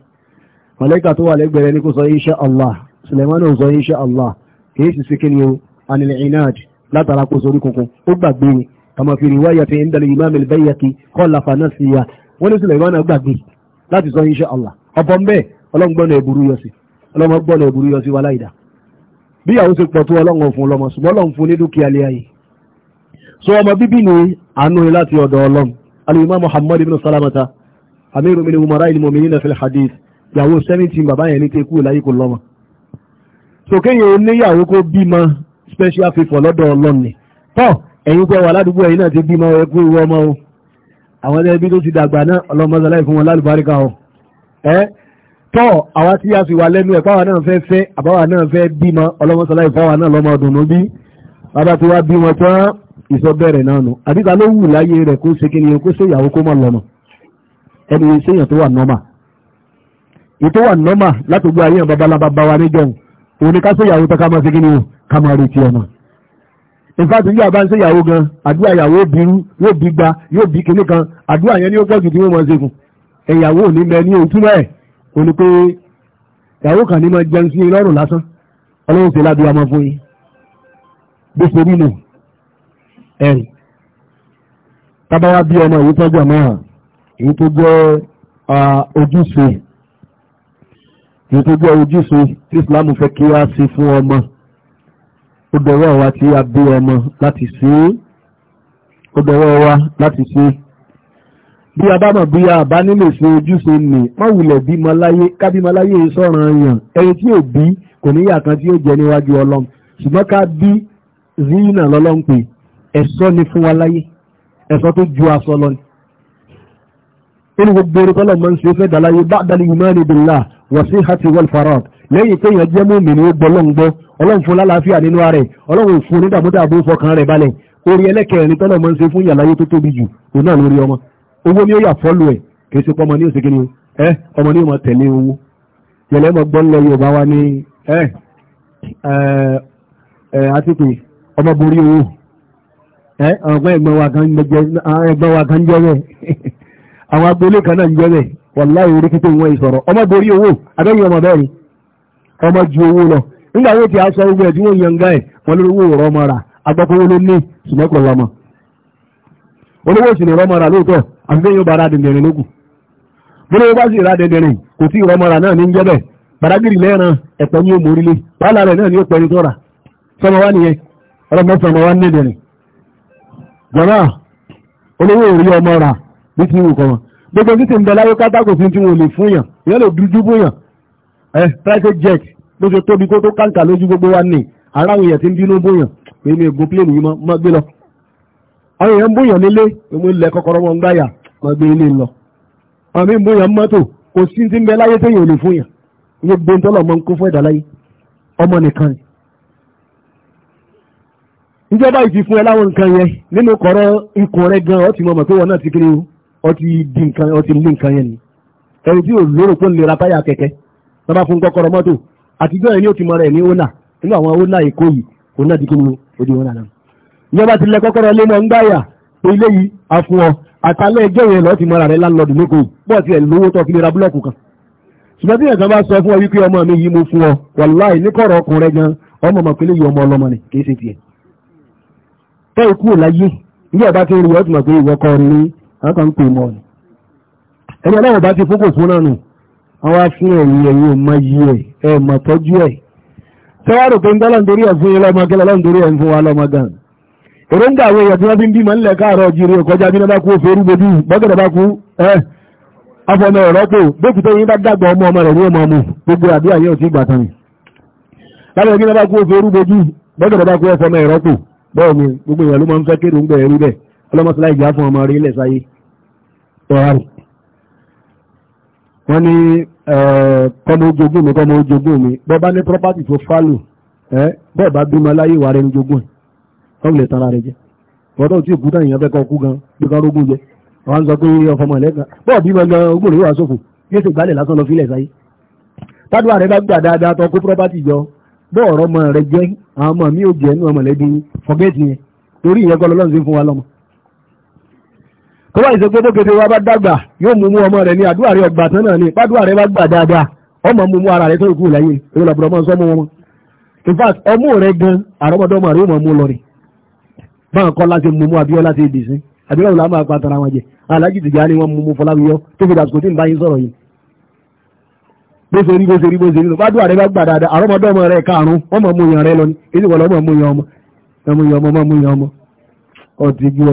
mọ̀lẹ́kà tó wà lẹ́gbẹ̀rẹ́ ní kó sọ insha Allah Sùlẹ̀mánà sọ insha Allah kìí sì sí kí ni o anil inad látara kó sorí kunkun ó gbàgbé kama fi riwaya fi inda imam al-bayyaki qala fa nasiya wọ́n ní sílẹ̀ ìmọ̀nà gbàgbé láti sọ insha Allah ọ̀pọ̀ mbẹ́ ọlọ́gbọ́nà ẹ̀bùrú yọ sí ọlọ́mọgbọ́nà ẹ̀bùrú yọ sí wa láìda bí àwọn ṣe pọ̀ tó ọlọ́run fún ọlọ́mọ ṣùgbọ́n ọlọ́run fún ní dúkìá lé ayé so ọmọ bíbí ni àánú ni láti ọ̀dọ̀ ọlọ́run alimami muhammad ibn salamata amiru min umara il mu'minina fil hadith yàwó seventeen bàbá yẹn ní tẹ kú láyé kò lọ́mọ so kéèyàn oníyàwó kó bímọ special favour lọ́dọ̀ ọlọ́run ni tọ́ ẹ̀yin pẹ́ wà ládùúgbò ẹ̀yin náà ti bímọ ẹ kú ìwọ ọmọ o àwọn ẹlẹ́ bí tó ti dàgbà náà ọlọ́mọsálẹ́ fún wọn lálùbáríkà o ẹ tọ́ àwa tí a sì wà lẹ́nu ẹ̀ fáwa náà fẹ́ fẹ́ àbáwa náà fẹ́ bímọ ọlọ́mọsálẹ́ fáwa náà lọ́mọ ọdùnnú bí bàbá tí wàá bímọ tán ìsọbẹ̀rẹ̀ náà nù àbí ta ló wù láyé rẹ̀ kó ṣe kíni kó ṣe ìyàwó kó mọ̀ lọ́mọ ẹni ṣéyàn tó wà nọ́mà ètò wà nọ́mà látògbó ayé àwọn babalábá wa níjọ́ òun ni ká ṣe ìyàwó tó ká máa ṣe kíni ká máa retí ọmọ ìfàtí yóò bá ń ṣe ìyàwó gan àdúrà ìyàwó bírú yóò bí gba yóò bí kinní kan àdúrà yẹn ni ó pọ̀jù tí wọ́n mọ̀ ṣẹ́gun ìyàwó ò ní mẹ ní òtúmọ̀ ẹ̀ kò ní pé ìyàwó kan ní máa jẹun sí lọ́rùn lásán ọlọ́run ṣe ládùúgbò ọmọ fún yín bó ṣe rí nù ẹ̀rì tábáwá bí ọmọ èyí tọ́jú ọmọ hàn èyí tó jẹ́ ojúṣe èyí tó jẹ́ ojúṣe tí Islam fẹ́ kí wá sí fún ọmọ ó dọwọ́ wa tí a bí ọmọ láti ṣe é ó dọwọ́ wa láti ṣe bí a bá mọ̀ bí a bá nílò ṣe ojúṣe nì má wulẹ̀ bímọ láyé kábímọ láyé sọ̀ràn yàn ẹni tí ò bí kò níyà kan tí ó jẹ níwájú ọlọ́run ṣùgbọ́n ká bí zina lọ́lọ́run pé ẹ̀sọ́ ni fún wa láyé ẹ̀sọ́ tó ju aṣọ lọ ni inú gbogbo eré tọ́lọ̀ máa ń ṣe fẹ́ dàláyé bá dàlí ìmọ̀ ẹni bìlá wọ́n sí hati wọ́n farad lẹ́yìn pé èèyàn jẹ́ mùmínì ó gbọ́ lọ́n gbọ́ ọlọ́run fún lálàáfíà nínú ara rẹ̀ ọlọ́run fún ní fọkàn rẹ̀ balẹ̀ orí ẹlẹ́kẹ̀rin tọ́lọ̀ mọ́ ń fún ìyàláyé tó tóbi jù òun náà lórí ọmọ owó ni ó yà fọ́lù ẹ̀ kì í ṣe pọ́ ọmọ ní òṣèké ni o ẹ ọmọ ní ìmọ̀ tẹ̀lé owó yẹlẹ́ mọ̀ gbọ́n lọ Yorùbá wa ní ẹ ẹ àtìpé ọmọ borí owó ẹ ọgbọ́n ẹ̀gbọ́n wa kan jẹ́ ẹ̀gbọ́n wa kan jẹ́ bẹ́ẹ̀ <laughs> àwọn agboolé kan náà ń jẹ́ bẹ́ẹ̀ wàláì orí kíkó wọn ìsọ̀rọ̀ ọmọ borí owó abẹ́yìn ọmọ bẹ́ẹ̀ ni ọmọ ju owó lọ nígbà yóò ti aṣọ ogun ẹ̀dínwó yanga ẹ̀ wọn lórí owó rọmọ rà agbọ́kọ́wó ló ní ṣùgbọ́kọ̀ wa mọ̀ olówó sì ní rọmọ rà lóòótọ́ àfi yóò bá lókù bá sì ra kò tí rọmọ náà ní lẹ́ran ẹ̀pẹ́ ní òmò orílẹ̀ wàhálà rẹ̀ náà ní tọ́ra sọmọ wa nìyẹn wa ní jọba olówó orí ọmọ bí ti wù wọn gbogbo títí ń bẹ ẹ eh, private jet bó ṣe tóbi kó tó kàǹkà lójú gbogbo wa nì aráwọ̀ èèyàn ti ń bínú bóyàn pé mi ègún plane yìí mọ́ gbé lọ àwọn èèyàn ń bóyàn nílé èmi ilẹ̀ kọ́kọ́rọ́ wọn gbáyà mọ́ gbé ilé lọ àwọn mi ń bóyàn mọ́tò kò sí ti ń bẹ láyé téèyàn ò lè fún yàn iye gbé ntọ́lọ̀ mọ́ ń kó fún ẹ̀dá láyé ọmọ nìkan ni ìjọba ìfi fún ẹ láwọn nǹkan yẹn nínú kọ̀rọ̀ ikùn rẹ gan ọtí mọ̀mọ̀ pé wọn náà ti kiri ọtí di nǹkan ọtí lé nǹkan yẹn ni ẹni tí ò lérò pé ń lera táyà kẹ̀kẹ́ tọ́ba fún kọ́kọ́rọ́ mọ́tò àtijọ́ ẹ̀ ní òtún mọ́ rẹ̀ ní ọ̀nà nínú àwọn ọ̀nà èkó yìí ọ̀nà dìkú ni òdi wọn nàá. ìjọba ti lẹ kọ́kọ́rọ́ lé mọ́ ń gbáyà pé ilé yìí a fún ọ àtàlẹ́ ẹjọ́ yẹn lọ́ọ́ ti mọ́ra rẹ̀ láńlọ́ọ̀dù lóko bọ́ọ̀ tiẹ̀ lówó tó fi lè ra búlọ́ọ̀kù kan. ṣùgbọ́n tí ẹ̀sán bá sọ fún ọ wípé ọmọ mi yìí mo fún ọ wàláì níkọ̀rọ̀ ọkùnrin gan ọmọ ọmọ pélé ọmọ ọlọ́mọ ni kì í ṣe tiẹ̀. tẹ́ ikú ò láyé ilé ọba ti rí ọ mọ̀ pé ìwọ kọ́ ni àwọn ń pè mọ́ ọ ni. ẹni ọlọ́run bá ti fún fún náà nù wọ́n wá fún ẹ̀yìn ẹ̀yìn ọmọyí ẹ̀ ẹ̀ mọ̀ tọ́jú ẹ̀ tẹ́wàrò pé ń dá lọ́ndorí ẹ̀ fún yín lọ́mọ kí lọ́ndorí ẹ̀ ń fún wa lọ́mọ gan èròǹgbà àwọn èèyàn tí wọ́n fi ń bímọ ńlẹ̀ káàárọ̀ bí òfin ẹ̀ afọmọ ọ̀rọ̀ pò yín bá dàgbà ọmọ ọmọ rẹ̀ ní ọmọ ọmọ gbogbo tán ni bí lọ́ba òfin pò gbogbo èèyàn ló kọ́mọ ojogún mi kọ́mọ ojogún mi bọ́ bá ní property tó fálù bọ́ọ̀ bá bímọ láyé ìwà rẹ̀ ń jogún ẹ̀ kọ́mọ lè tara rẹ̀ jẹ́ bọ́tọ̀ tí òkúta èèyàn fẹ́ kọ́ kú gan bí kan rógún jẹ wọ́n sọ pé ọfọmọ ẹ̀lẹ́gàn bọ́ọ̀ bímọ gan ogún rẹ̀ yóò sòfò yóò sì gbálẹ̀ lásán lọ fílẹ̀ sáyé tádùá rẹ̀ bá gbà dáadáa tọ́ kó property jọ bọ́ọ̀rọ̀ ọmọ rẹ̀ jẹ́ àwọn ọmọ mi ò jẹ́ nínú ọmọ lẹ́bí forget yẹn torí ìyẹn kọ́ lọ́lọ́run sí fún wa lọ́mọ kó wá ìṣe gbogbo gèdè wa bá dàgbà yóò mú mú ọmọ rẹ̀ ní àdúrà rẹ̀ ọgbà tán náà ni pàdúrà rẹ̀ bá gbà dáadáa ọmọ mú mú ara rẹ̀ tó kù lẹ́yìn èrò làbúrò ọmọ sọmọ wọn in fact ọmú rẹ̀ gan àrọ́mọdọ́mọ rẹ̀ yóò mú lọ rẹ̀ báwọn kọ́ láti mú mú Abíọ́lá ti dì sí Abíọ́lá wò láwọn apá tara wọn jẹ Aláàjì Tìjání wọn mú mú Fọláwíyọ tó fi dàsùkò tí ń bá yín sọ̀rọ̀ yìí bó ṣe rí bó ṣe rí bó ṣe rí lọ bàdúrà rẹ̀ bá gbà dáadáa àrọ́mọdọ́mọ rẹ̀ karùn-ún ọmọ mú yan rẹ̀ lọ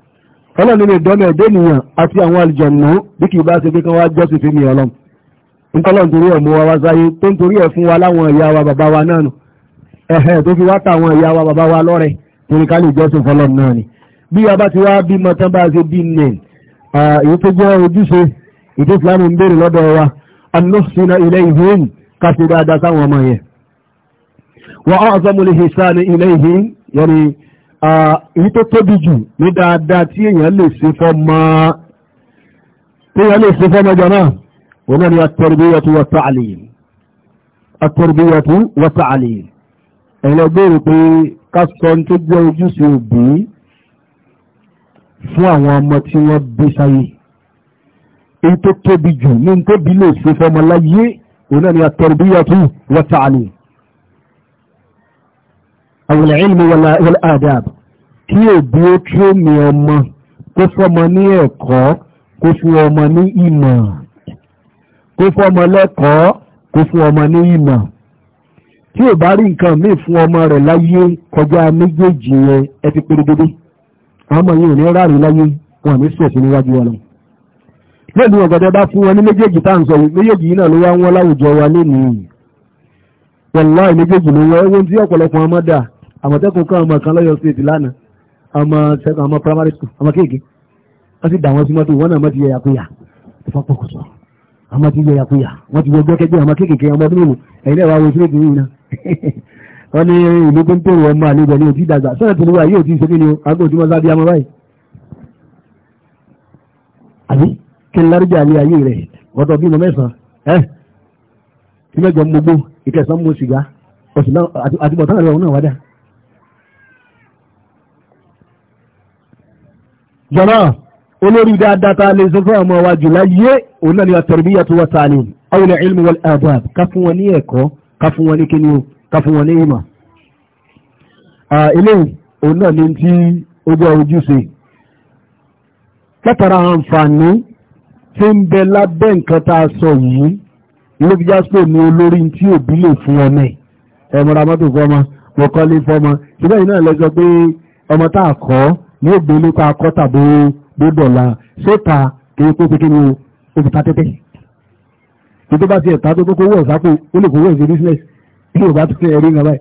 ọlọ́run lè dọ́nà ẹ̀dẹ́ ènìyàn àti àwọn àlìjọ̀nù bí kì í bá ṣe pé kán wá jọ́sìn fún mi ọlọ́run nǹkan torí ẹ̀ mú wa wá sáyé tó ń torí ẹ̀ fún wa láwọn ìyá wa bàbá wa náà nù ẹ̀hẹ̀ tó fi wá ta àwọn ìyá wa bàbá wa lọ́rẹ torí ká lè jọ́sìn fọlọ́run náà ni bí a bá ti wá bímọ tán bá ṣe bí nì èyí tó jẹ́ ojúṣe ètò ìsìlámù ń béèrè lọ́dọ̀ wa anúṣinà ilẹ̀ ìhìn ká sáwọn ọmọ yẹn wọ́n á ọ̀sán mo ní ilẹ̀ ìhìn yẹn ni èyí tó tóbi jù ní dáadáa tí èèyàn lè ṣe fọ́mọ tí èèyàn lè ṣe fọ́mọ jọ náà òun náà ni at-tarbiyatu wa ta'lim at-tarbiyatu wa ta'lim ẹ̀lọ́ béèrè pé ká sọ tó jẹ́ ojúṣe òbí fún àwọn ọmọ tí wọ́n bí sáyé èyí tó tóbi jù ní tóbi lè ṣe fọ́mọ láyé òun náà ni at-tarbiyatu wa ta'lim àwọn ilmi wal adab kí òbí ó tí ó mi ọmọ kó fọ́mọ ní ẹ̀kọ́ kó fún ọmọ ní ìmọ̀ kó fọ́mọ kó fún ọmọ ní ìmọ̀ kí o bá rí nǹkan fún ọmọ rẹ̀ láyé kọjá méjèèjì yẹn ti ọmọ yìí ò ní ráàrin láyé wọn sọ̀tì níwájú bá fún wọn ní méjèèjì méjèèjì yìí wọ́lá ìlẹ́gbẹ̀jì ló wọ́ ẹwọ́n tí ọ̀pọ̀lọpọ̀ ọmọ dà àmọ̀tẹ́kùn kan ọmọ kan lọ́yọ̀ state lánàá ọmọ sẹ́kọ̀ ọmọ primary school ọmọ kéèké wọ́n sì dà wọ́n sí mọ́tò wọ́n náà mọ́ ti yẹ̀yà kúyà ìfọ́pọ̀kù sọ ọmọ ti yẹ̀yà kúyà wọ́n ti wọ gbẹ́kẹ́gbẹ́ ọmọ kéèké ọmọ ọdún ìlú ẹ̀yìn náà wà wọ sílẹ̀ tìyìn náà <laughs> wọ́n ní ìlú tó ń tèrò ọmọ àlejò ní òtí ìdàgbà sọ́nà tó wà yóò ti ṣe nínú agbó tí wọ́n sábẹ́ amọ́ báyìí àbí kí n lárúgbà ní ayé rẹ̀ ọ̀dọ̀ bímọ mẹ́sàn-án ìmẹ́jọ gbogbo ìkẹsàn mú sìgá àtibọ̀tán ẹ̀rọ náà wádà. jọ̀nà olórí dáadáa ta lè sọ fún àwọn ọmọ wa jùlá yé òun náà ni àtẹ̀rẹ̀bíyà tó wà ta ni àwọn ilmu wal adab ká fún wọn ní ẹ̀kọ́ ká fún wọn ní kíni o ká fún wọn ní ìmọ̀. eléyìí òun náà ni tí ó jẹ́ ojúṣe látara àǹfààní tí ń bẹ lábẹ́ nǹkan tá a sọ yìí ló fi jásípò ní olórí tí òbí lè fún ọmọ ẹ̀ ẹ̀mọ́ra mọ́tò fọmọ mo kọ́lé fọmọ ṣùgbọ́n yìí náà lọ́jọ́ pé ọmọ tá a kọ́ ní ògbé nípa akọ́ tàbí gbódọ̀la ṣéta kéré pé kékeré o ó fi ta tẹ́tẹ́ kí tó bá ti ẹ̀ta tó kókó owó ọ̀sápò ó lè kówó ẹ̀sìn business bí ò bá tún ẹ̀rí nǹkan báyìí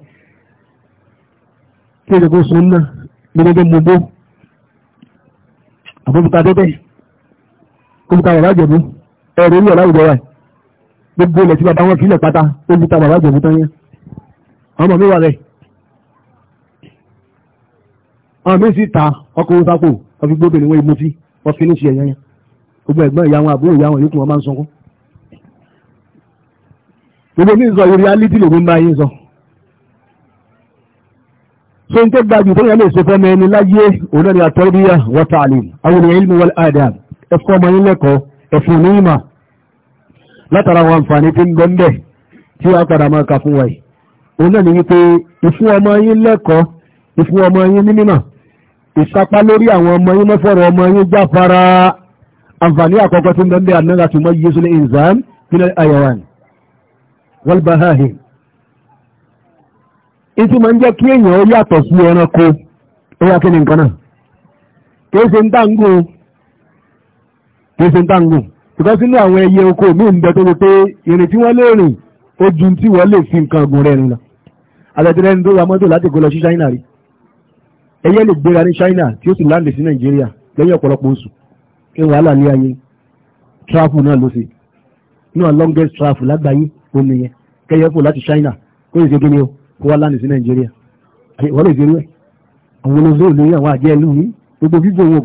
kí èdè kó sun náà gbogbo mo bó àbófúta tẹ́tẹ́ kó fi ta bàbá jẹ̀bú ẹ̀rọ orí ọ̀láwùjọ báyìí gbogbo ilẹ̀ tí bàbá wọn kílẹ̀ pátá ó bí ta bàbá jẹ̀bú tán yẹn ọmọ mi wà rẹ̀ ọmọ mi sì ta ọkọ̀ owó sápò ọfi gbóbi ni wọ́n imú sí wọ́n fi ní ṣe ẹ̀yẹ́ yẹn gbogbo ẹ̀gbọ́n ìyá wọn àbúrò ìyá wọn yókù wọn máa ń sunkún gbogbo mi ń sọ yorùbá lítì lòmí ń bá yín sọ so n tó gbajù tó yẹ lè ṣe fọmọ ẹni láyé òun náà ni àtọ́ríyà wọ́tà àlè àwọn ènìyàn ilmu wal adab ẹ̀fọ́ ọmọ yín lẹ́kọ̀ọ́ ẹ̀fọ́ onímọ̀ látara àwọn àǹfààní tí ń bẹ bẹ̀ tí wàá padà máa kà fún wa yìí òun náà ni wípé ìfún ọmọ yín lẹ́kọ̀ọ́ ìfún ọmọ yín ní mímọ̀ ìsapá lórí àwọn ọmọ yín mọ́fọ̀rọ̀ ọmọ yín jáfara àǹfààní àkọ́kọ́ tí ń bẹ ń bẹ̀ ànára tó mọ́ yéṣu ní ìzán nílẹ̀ ayawan wọ́lbáhàhì ìtú máa ń jẹ́ kí èèyàn ó yàtọ̀ sí ẹranko ó yà kí ni nǹkan náà kì because inú àwọn ẹyẹ oko mi ń bẹ tó pé tí wọ́n lè rìn ó tí wọ́n lè fi nǹkan ọ̀gùn rẹ̀ rìn lọ àtẹ̀tẹ̀rẹ́ ni tó ra mọ́tò láti kó sí China rí ẹyẹ lè gbéra ní China tí ó sì láǹdì sí Nàìjíríà oṣù kí wàhálà ní ayé náà ló ṣe longest lágbàáyé kẹyẹ fò láti kó lè ṣe kí o kó wá láǹdì sí Nàìjíríà lè ṣe rí àwọn ní àwọn ìlú yìí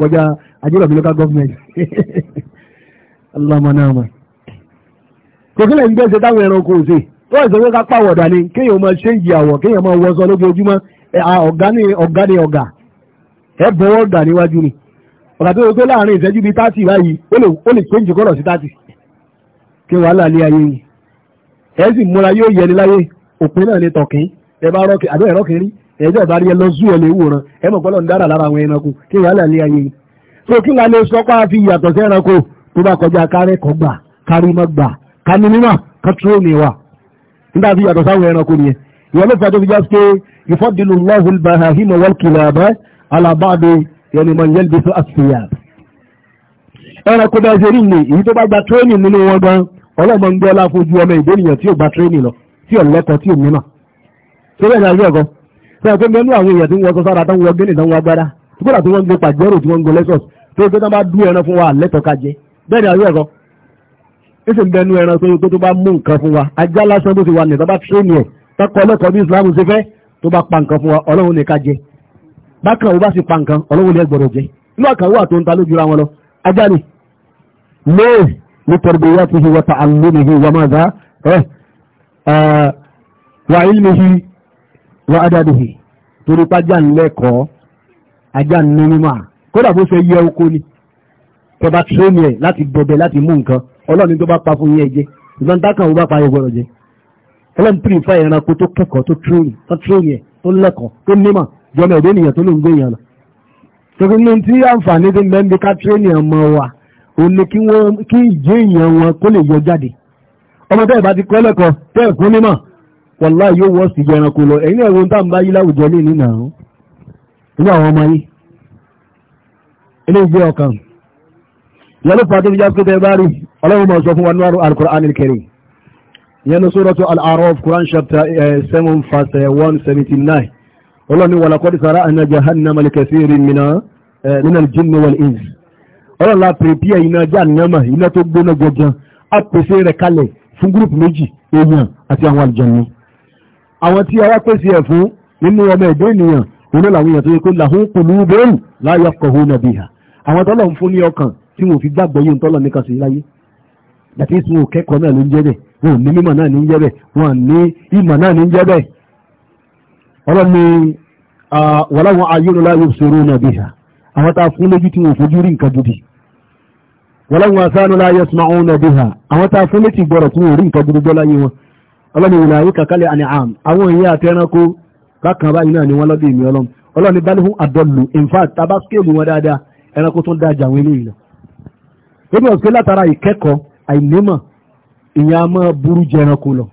gbogbo <laughs> ọlọ́mọnáàmà kò sílẹ̀ ń gbẹ́sẹ̀ táwọn ẹranko ṣe tó ẹ̀sọ́ pé ká pàwọ̀dà ni kéèyàn máa ṣe ìyí kéèyàn máa wọṣọ lójoojúmọ́ ọ̀gá ni ọ̀gá ni ọ̀gá ẹ bọ̀wọ̀ ọ̀gá níwájú ni ọ̀gá tó yẹ láàrin ìṣẹ́jú bíi báyìí ó lè sí kí ayé yìí ẹ sì múra yóò yẹni láyé òpin náà ni tọ̀kín ẹ bá rọ́ọ̀kì àbẹ́ rí ẹjọ́ rí ẹ lọ zú ìwòran ẹ mọ̀ ń dára lára àwọn ẹranko kí ayé yìí so kí lè sọ pé a fi tó bá kọjá kárẹ́kọ̀ọ́ gbà kárí mọ́ gbà kání mímọ́ kátúrò ní wa nígbà tí yàtọ̀ sáwọn ẹranko nìyẹn ìwọ ló fàájọ́ fi já sí pé ìfọ́dìlù lọ́hùn bahahim wọ́lkìlàbẹ́ alábàdé yẹnìmọ̀ yẹlbi fún àṣìyà ẹranko bá ṣe rí ni èyí tó bá gba tírénì nínú wọn gan ọlọ́mọ ń gbọ́lá fojú ọmọ ìdénìyàn tí ò gba tírénì lọ tí ò lẹ́kọ̀ọ́ tí ò mímọ̀ tó bẹ́ẹ̀ ni àjọ ẹ̀kọ́ bẹ́ẹ̀ ni àwẹ̀ ẹ̀kọ́ ó sì ń bẹnu ẹran tó yẹ tó bá mú nǹkan fún wa ajá lásán tó ti wà nìkan bá tírénì ẹ̀ tọkọ ọlọ́kọ̀ bí Islam ṣe fẹ́ tó bá pa nǹkan fún wa Ọlọ́run ní ká jẹ bákan ó bá sì pa nǹkan Ọlọ́run ní ẹgbọ̀rọ̀ jẹ inú àkàwé tó ń ta lójú ra wọn lọ ajá ni lóòrè nítorí bí wọ́n ti hi wọ́ta àlùmíhì wọ́n ni tó bá tírénì ẹ̀ láti dọ̀bẹ̀ láti mú nǹkan ọlọ́run tó bá pa fún yín ẹ̀jẹ̀ ìgbọ́n dákàn wọ́n bá pa ẹ̀gbọ́n jẹ ọlọ́run pírí fún ẹranko tó kẹ́kọ̀ọ́ tó tírénì tó tírénì ẹ̀ tó lẹ́kọ̀ọ́ tó nímọ̀ jọmọ ẹ̀dẹ́ ènìyàn tó ló ń gbé èèyàn lọ. tòkí ní tí àǹfààní ti mẹ́ ní ká tírénì ọmọ wa ò ní kí ìjẹ́ èèyàn wọn kó lè yọ jáde ọmọ tẹ́ ẹ̀ bá ti kọ́ lẹ́kọ̀ọ́ ilé ìgbé ọkàn yẹn ló fà tó fi já pété bá rí ọlọ́run mọ̀ sọ fún wa nínú alukur'an kẹrin yẹn ló sọ́rọ̀ tó al-A'raf Quran chapter eh, seven verse eh, one seventy nine ọlọ́run ni walaqad zara'na jahannama li kathirin mina eh, nínú al-jinni wal-ins ọlọ́run la pèpìyà iná jahannama iná tó gbóná gbọ̀ngàn á pèsè rẹ̀ kalẹ̀ fún gúrùpù méjì èèyàn àti àwọn àlùjànnú àwọn tí a wá pèsè ẹ̀ fún nínú ọmọ ẹ̀dẹ́ ènìyàn òun náà làwọn èèyàn tó yẹ kó làhún qulubun la yafqahuna biha àwọn tọ́lọ̀ ń fún ní ọkàn tí wọn ò fi gbàgbọ́ yìí ń tọ́lọ̀ nìkan sí láyé dàtí ìsìn wọn ò kẹ́kọ̀ọ́ náà ló ń jẹ́ bẹ́ẹ̀ wọn ò ní mímọ̀ náà ní ń jẹ́ bẹ́ẹ̀ wọn ní ìmọ̀ náà ní ń jẹ́ bẹ́ẹ̀ ọlọ́run ni wàláwọn ayélujára yóò ṣòro náà bí ha àwọn tá a fún lójú tí wọn ò fojú rí nǹkan gidi wàláwọn asánu láyé sùmáwọn náà bí ha àwọn tá a fún létí gbọ́rọ̀ tí wọn ò rí nǹkan gidi gbọ́ láyé wọn ọlọ́run ìwòlá yìí kàkálẹ̀ àní àm àwọn ìyá àtẹranko bákan ni wọ́n lọ́dọ̀ èmi ọlọ́run in fact tabaskéèlì wọn dáadáa ẹranko tó ń ó bí ọ̀sẹ̀ látara ìkẹ́kọ̀ọ́ àìnímọ̀ ìyẹn a máa burú jẹranko lọ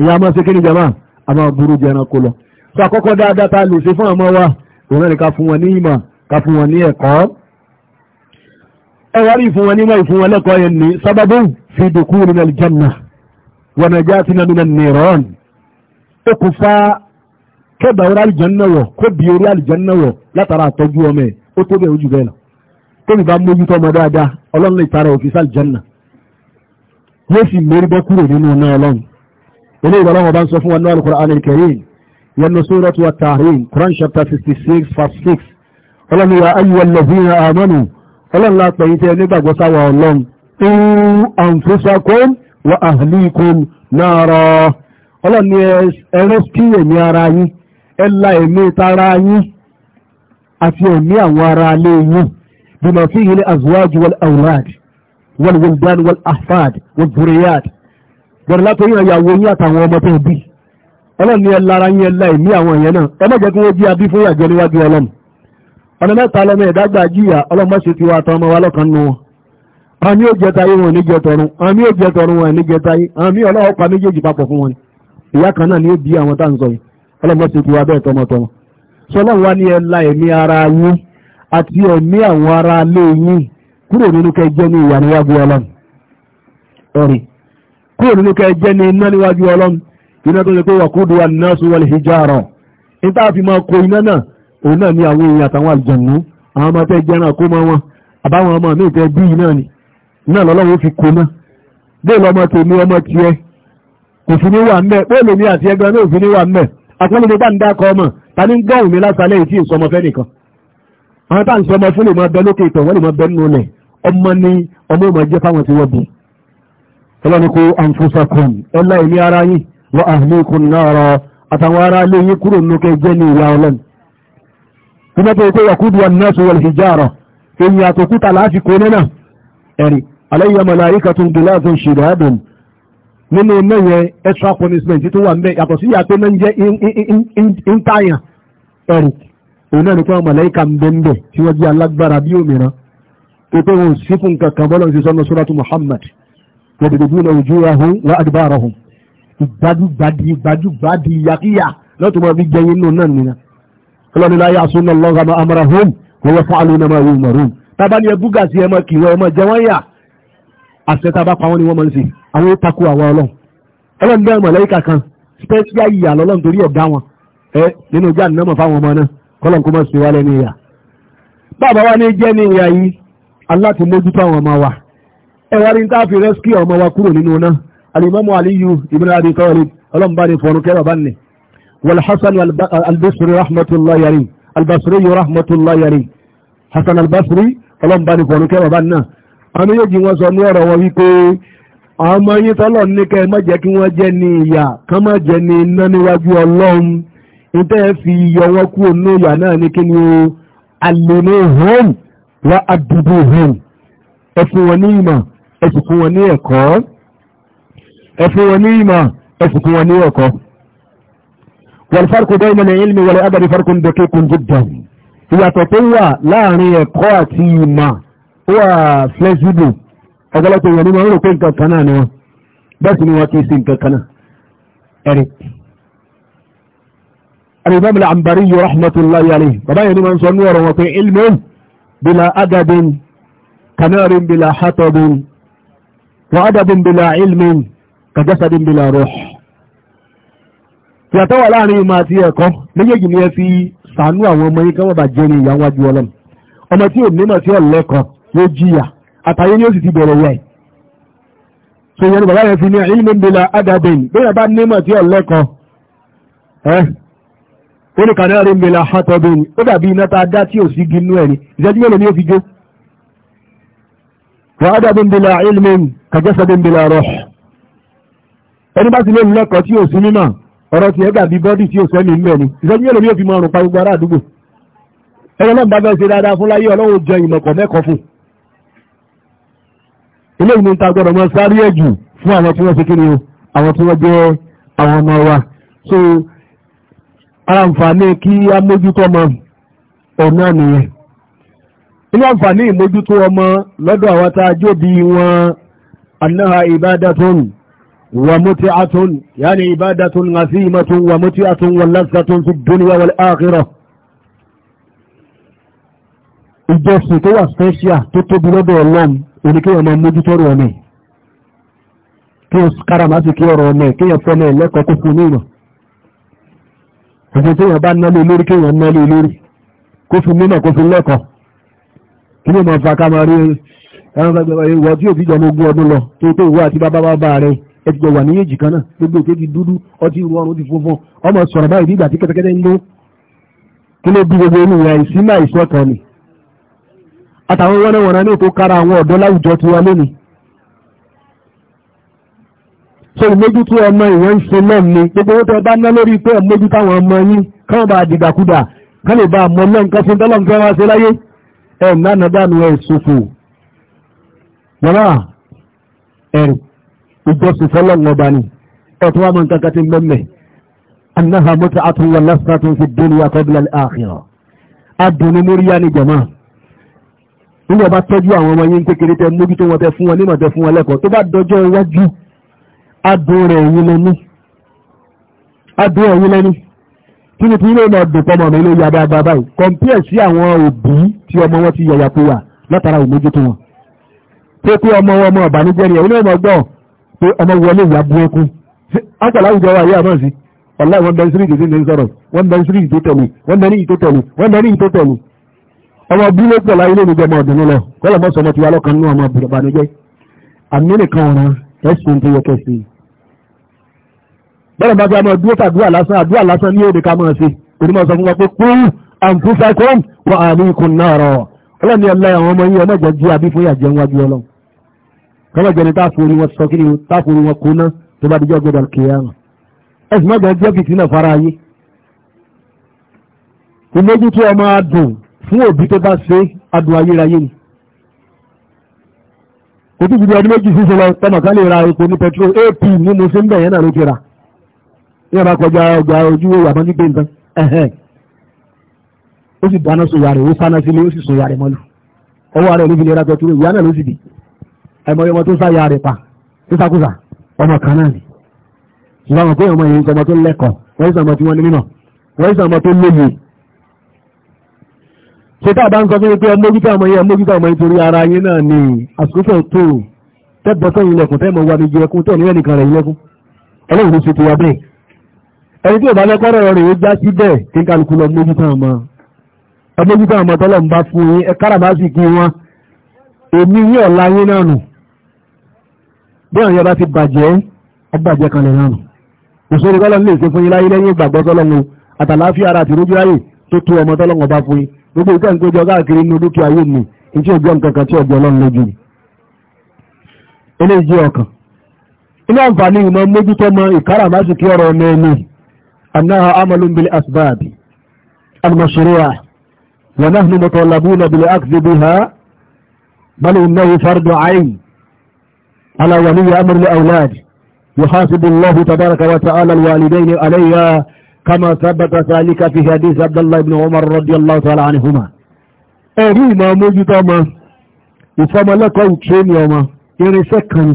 ìyẹn a máa ṣe kíni jama a máa burú jẹranko lọ sọ àkọ́kọ́ dáadáa ta lè ṣe fún àmọ́ wa òun náà ká fún wọn ní ìmọ̀ ká fún wọn ní ẹ̀kọ́ ẹwà rí ìfún wọn nímọ̀ ìfún wọn lẹ́kọ̀ọ́ yẹn ní sábàbù fi dukhuli minal janna wa najatina minan niran ẹ̀ ó tóbi bá mójútó ọmọ dáadáa ọlọ́run lè tara òfin sáà jẹ́nà yóò sì mérí bọ́ kúrò nínú iná ọlọ́run ilé ìwà ọlọ́run ọba ń sọ fún wa ní Al-Qur'an al-Karim yẹnu suratu at-Tahrim Quran chapter sixty six verse six ọlọ́run ya ayyuhal ladhina amanu ọlọ́run la pẹ̀yìn tẹ́ nígbàgbọ́ sáwà ọlọ́run qu anfusakum wa ahlikum nara ọlọ́run ni kí ẹ̀mí ara yín ẹ̀ la ẹ̀mí tara yín àti ẹ̀mí àwọn ará alé yín بما فيه الأزواج والأولاد والولدان والأحفاد والذريات bẹ̀rẹ̀ látọ̀rí ìyàwó yín àtàwọn ọmọ tó bí ọlọ́run ní ẹlára yín ẹlá ìmí àwọn èèyàn náà ẹ má jẹ́ kí wọ́n bí abí fún ìyàjẹ́ níwájú ọlọ́run ọ̀nà mẹ́ta lọ́mọ ẹ̀dágbà jìyà ọlọ́mọ sì ti wá àtọ́ ọmọ wa lọ́kàn nù wọn àmì ó jẹta yé wọn ní jẹ tọrun àmì ó jẹ tọrun wọn ní jẹta yé àmì ọlọ́wọ́ pa méjèèjì papọ̀ fún wọn ìyá kan náà ni ó bí àwọn tá à ń sọ yìí ọlọ́mọ sì ti wá bẹ́ẹ̀ tọmọtọmọ sọlọ́run wá ní ẹlá ẹ̀mí ara yín àti ẹ̀mí àwọn ará alé yìí kúrò nínú kẹjẹ́ ní ìyà níwájú ọlọ́run ọ̀rì kúrò nínú kẹjẹ́ ní iná níwájú ọlọ́run iná tó lè pé wàkúdù wà náà sún wọlé hijara níta fi máa kó iná ni wà ń bẹ̀ ń ọmọ ta ní gbọ́hùn mi lásàlẹ̀ yìí fẹ́ àwọn táà ń sọ ọmọ fún lè máa bẹ lókè ìtọ̀ wọ́n lè máa bẹ nínú rẹ̀ ọmọ ni ọmọ ìmọ̀ jẹ́ fáwọn tí wọ́n bí ọlọ́ni kó àǹfọ́sàkùn ẹlá ìní ara yìí wọ́n àhìlẹ́kùn náà àtàwọn ará ilé yìí kúrò nínú kẹ jẹ́ ní ìyá ọlọ́n nígbà tó kó yàkúdù wọn náà sọ wọlé extra punishment tó wà ń bẹ yàtọ̀ sí yàtọ̀ náà ń jẹ́ ìntàyàn ẹ̀rì òun náà ní pé àwọn màláíkà ń bẹ́ńbẹ̀ tí wọ́n jẹ́ alágbára bí òmìnira tó pé wọn sí fún kankan bọ́lá ti sọ́nà suratu Muhammad yadribuna wujuhahum wa adbarahum ìgbádùgbàdì ìgbádùgbàdì ìyàkíyà lọ́tọ̀ máa fi jẹyìn nù náà nìyà ọlọ́ni la ya'suna Allaha ma amarahum wa yaf'aluna ma yu'marun tábà ní ẹbú gàsí ẹ máa kìwọ́ ẹ máa jẹ wọ́n yà àṣẹ tábà pa wọ́n ni wọ́n máa ń sè àwọn takò àwọn ọlọ́run ọlọ́run bẹ́ẹ̀ màláíkà kan special ìyà lọ́lọ́run torí ọ̀gá wọn ẹ nínú jáde náà mọ̀ fáwọn ọmọ náà kọ́lọ̀n kó mọ́ sí wálẹ̀ ní ìyà bàbá wa ní jẹ́ ní ìyà yìí aláti mójútó àwọn ọmọ wa ẹwà rí táàfi rẹ́síkì ọmọ wa kúrò nínú náà alimọ́mọ́ aliyu ibn abi talib ọlọ́mbàdì fọ̀rùkẹ́ bàbá nì walhassan albasri rahmatullahi yari albasri yóò rahmatullahi yari hassan albasri ní wọ́n jẹ́ ní ní tẹ́ ẹ fi yọ wọ́n kú onú ìyà náà ní kí ni o allimuhum wa addibuhum ẹ fún wọn ní ìmọ̀ ẹ sì fún wọn ní ẹ̀kọ́ ẹ wọn ní ìmọ̀ ẹ wọn ní ẹ̀kọ́ wal-farqu bayna al-ilmi wal-adab farqun daqiqun jiddan ìyàtọ̀ tó wà láàrin ẹ̀kọ́ àti ìmọ̀ ó wà flexible ọ̀gọ́lọ́pọ̀ ìyànnímọ̀ ń rò pé nǹkan kan náà ni wọn bẹ́ẹ̀ sì ni wọn kì í sí nǹkan kan náà الإمام العنبري رحمة الله عليه بابا يعني من صنور وفي علم بلا أدب كنار بلا حطب وأدب بلا علم كجسد بلا روح yàtọ̀ wà láàrin ìmọ̀ àti ẹ̀kọ́ méjèèjì ni ẹ fi sàánú àwọn ọmọ yìí káwọn bá jẹ́ ní ìyá wájú ọlọ́m ọmọ tí ò nímọ̀ tí ọ̀lẹ́kọ̀ọ́ yóò jìyà àtàyé ni ó sì ti bẹ̀rẹ̀ yẹ̀ so ìyẹn bàbá yẹn fi ní ilmin bila adabin bí yàrá bá nímọ̀ tí ọ̀lẹ́kọ̀ọ́ ó ní kàná rí mìíràn àtọ́bí ni ó dàbí iná tá a dá tí ò sí gínú ẹ̀ ni ìṣẹ́jú mélòó ni ó fi jó wàá dàbí mìíràn ilmin kàjẹ́sọ̀bí mìíràn rọ̀ ẹni bá ti lé lẹ́kọ̀ọ́ tí ò sí mímọ̀ ọ̀rọ̀ tiẹ̀ dàbí bọ́dì tí ò sẹ́ni ń bẹ̀ ni ìṣẹ́jú mélòó ni ó fi mọ ọrùn pa gbogbo ará àdúgbò ẹni náà bá fẹ́ ṣe dáadáa fún láyé ọlọ́run jẹ ara àǹfààní kí a mójútó ọmọ ọ̀nà nìyẹn inú àǹfààní ìmójútó ọmọ lọ́dọ̀ àwọn tá a jóbi wọn annaha ibadatun wa muti'atun yani ibadatun azimatun wa muti'atun wa lazzatun fi dunya wal akhirah ìjọsìn tó wà special tó tóbi lọ́dọ̀ ọlọ́m oníkéyàn máa mójútó ọ̀rọ̀ ọmọ kí o káràmásì kí ọ̀rọ̀ ọmọ kí o fọ́mọ ẹ̀lẹ́kọ̀ọ́ kó fún ní ìmọ̀ ẹ̀sìn tí wọ́n bá ná lé lórí kéèyàn ná lé lórí kó fi mímọ̀ kó fi lẹ́kọ̀ọ́ kí ló máa fa ká máa rí ẹran gbẹgbẹ ìwọ tí òbí jọmọ ogún ọdún lọ tó tó ìwọ àti bàbá bàbá rẹ ẹ ti jọ wà ní èjì náà gbogbo òkè ti dúdú ọtí ìwọ ọrùn ti funfun ọmọ sọ̀rọ̀ báyìí bí ìgbà tí kẹ́tẹ́kẹ́tẹ́ ń lọ kí ló bí gbogbo inú rẹ ìsínmà ìsọ̀kan ni àtàwọn wọ́nà wọ̀nà ní ètò kára àwọn ọ̀dọ́ láwùjọ tiwa lónìí so ìmójútó ọmọ ìwọ̀n ìṣe náà ni gbogbo owó tẹ bá ná lórí pé ìmójútó àwọn ọmọ yín káwọn bá dìgbàkudà ká lè bá àmọ́ lẹ́ǹkan fún tọ́lọ́ nǹkan wá sí láyé ẹ̀ nánà dànù ẹ̀ ṣòfò yàrá ẹ̀rù ìjọsìn fọlọ́ọ̀n ọba ni ẹ̀tọ́ wa máa ń kankan ti mẹ́mẹ́ annaha mut'atun wa lasatun fi dunya qabla al-akhirah adùnú móríyá ni jàmá nígbà bá tọ́jú àwọn ọmọ yín kékeré tẹ mójútó wọn tẹ fún wọn nímọ̀ tẹ fún wọn lẹ́kọ̀ọ́ tó bá dọjọ́ iwájú adùn rẹ̀ ẹ̀yìn lẹ́ni adùn ẹ̀yìn ni tí ilé ìmọ̀ ọdún pọ́mọ mi ló ya dáadáa báyìí compare sí àwọn òbí tí ọmọ wọn ti yàyà kó wà látara òmójútó wọn pé pé ọmọ wọn ọmọ ọ̀bànújẹ́ ni ilé ìmọ̀ gbọ́ pé ọmọ wọlé ìyá bú ẹkún ápàlà àwùjọ wa yé àmọ́ sí ọ̀la wọn bẹ sírí ìdíje ní sọ̀rọ̀ wọn bẹ sírí ìdó tẹ̀lé wọn bẹ ní ìdó tẹ̀lé wọn bẹ ní ìdó tẹ̀lé ọmọ bí ló pọ̀ láyé lónìí jẹ́ ọmọ ọ̀dùnú lọ ti wá lọ́kàn nínú ọmọ ọ̀bànújẹ́ àmì nìkan ọ̀ràn ẹ̀sùn tó yẹ kẹsì bọ́lá bá bí a máa dúró tàdúrà lásán àdúrà lásán ní èdè ká máa ṣe onímọ̀ sọ fún wa pé kúrú àǹfùsàkùn wà á ní ikùn náà rọ̀ ọlọ́ni ẹ̀lá àwọn ọmọ yìí ọmọ ìjọ jí abí fún ìyàjẹ́ wájú ọlọ́run kọ́mọ̀ jẹ́ni táàfórí wọn sọ kíni táàfórí wọn kóná tó bá dijọ́ gbọdọ̀ kéèyàn ẹ̀sìn mọ́gbà jẹ́ fìtínà fara ayé ìmójútó ọmọ adùn fún òbí tó bá ṣe adùn ayérayé ni kò tí ìdíbi ọdún méjì sísọ lọ tọmọ kan lè ra epo ní petrol ap ní mo ṣe ń bẹ̀ yẹn náà ló ti rà ní ọba kọjá ọgbà ojú àmọ́ ní pé nǹkan ó sì dáná sun ó sáná sílé ó sì sun mọ́lù ọwọ́ ló fi lè ra petrol ìyá náà ló sì bì ẹ̀mọ́ ọmọ tó sá pa tó ọmọ kan náà ni ṣùgbọ́n àwọn ọmọ yẹn ń tó lẹ́kọ̀ọ́ wọ́n tí wọ́n ní wọ́n tó lóye ṣe tá a bá ń sọ fún yín pé ẹmójútó ọmọ yẹn ẹmójútó ọmọ yẹn torí ara yín náà ni àsìkò tó tẹ́gbọ́ sẹ́yìn ilẹ̀kùn tẹ́mọ̀ wà méjì ẹkún tẹ́ nílẹ̀ nìkan rẹ̀ ilẹ̀kùn ẹlẹ́yìn ló ṣe ti wá bẹ́ẹ̀ ẹni tí òbá lẹ́kọ́ rẹ̀ rẹ̀ já sí bẹ́ẹ̀ kí n kálukú lọ mójútó ọmọ ẹmójútó ọmọ tọ́lọ̀ ń bá fún yín ẹ káràbásì kí wọn èmi yín ọ̀la yín náà nù bí àwọn yọba ti bàjẹ́ ọbàjẹ́ gbogbo ìtẹ́ ìgbójọ káàkiri inú dúkìá yóò mú ìtí òjò nǹkankan tí ọjọ́ ọlọ́run lójú ni eléyìí jẹ́ ọkàn inú àǹfààní ìmọ̀ mójútó mọ ìkáràmásìkí ọ̀rọ̀ ọmọ ẹni annaha amalun bil asbab al mashru'a wa nahnu mutalabuna bil akhdhi biha bal innahu fardu 'ayn ala waliy amr al awlad yuhasibu Allahu tabaraka كما ثبت ذلك في حديث عبد الله بن عمر رضي الله تعالى عنهما ẹ̀rí ìmọ̀ mójútó ọmọ ìfọmọlẹ́kọ̀ọ́ ìtréní ọmọ irinṣẹ́ kan ni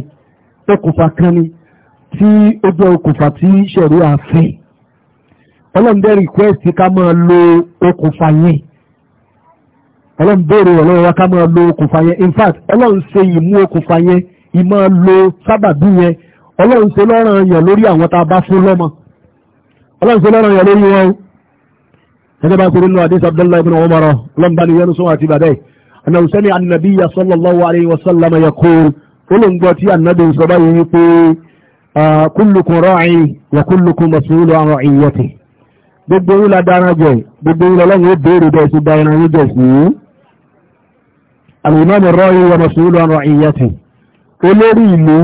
okùnfà kan ni tí ó jẹ́ okùnfà tí ṣẹ̀rí àfẹ́ ọlọ́mdẹ́ rìkwẹ́sì ká máa lo okùnfà yẹn ọlọ́mdẹ́rẹ̀ ọlọ́run wa ká máa lo okùnfà yẹn in fact ọlọ́run ṣe ìmú okùnfà yẹn ìmọ̀ lo sábàbí yẹn ọlọ́run ṣe lọ́ràn yẹn lórí àwọn tá a bá fún lọ́mọ ọlọ́sẹ̀ lọ́rọ̀ yẹn lórí wọn ẹni bá kúrò nínú àdís abdullahi ibn umar lọ́nbani yẹnu sọ àti bàdẹ́ ẹni ọ̀sẹ̀ ni anabi ya sallallahu alayhi wa sallam ya kó olóńgbò tí anabi sọ báyìí wípé kullukum ra'i wa kullukum mas'ulu an ra'iyati gbogbo yìí la dáná jẹ gbogbo yìí lọ́lọ́run ó ìlú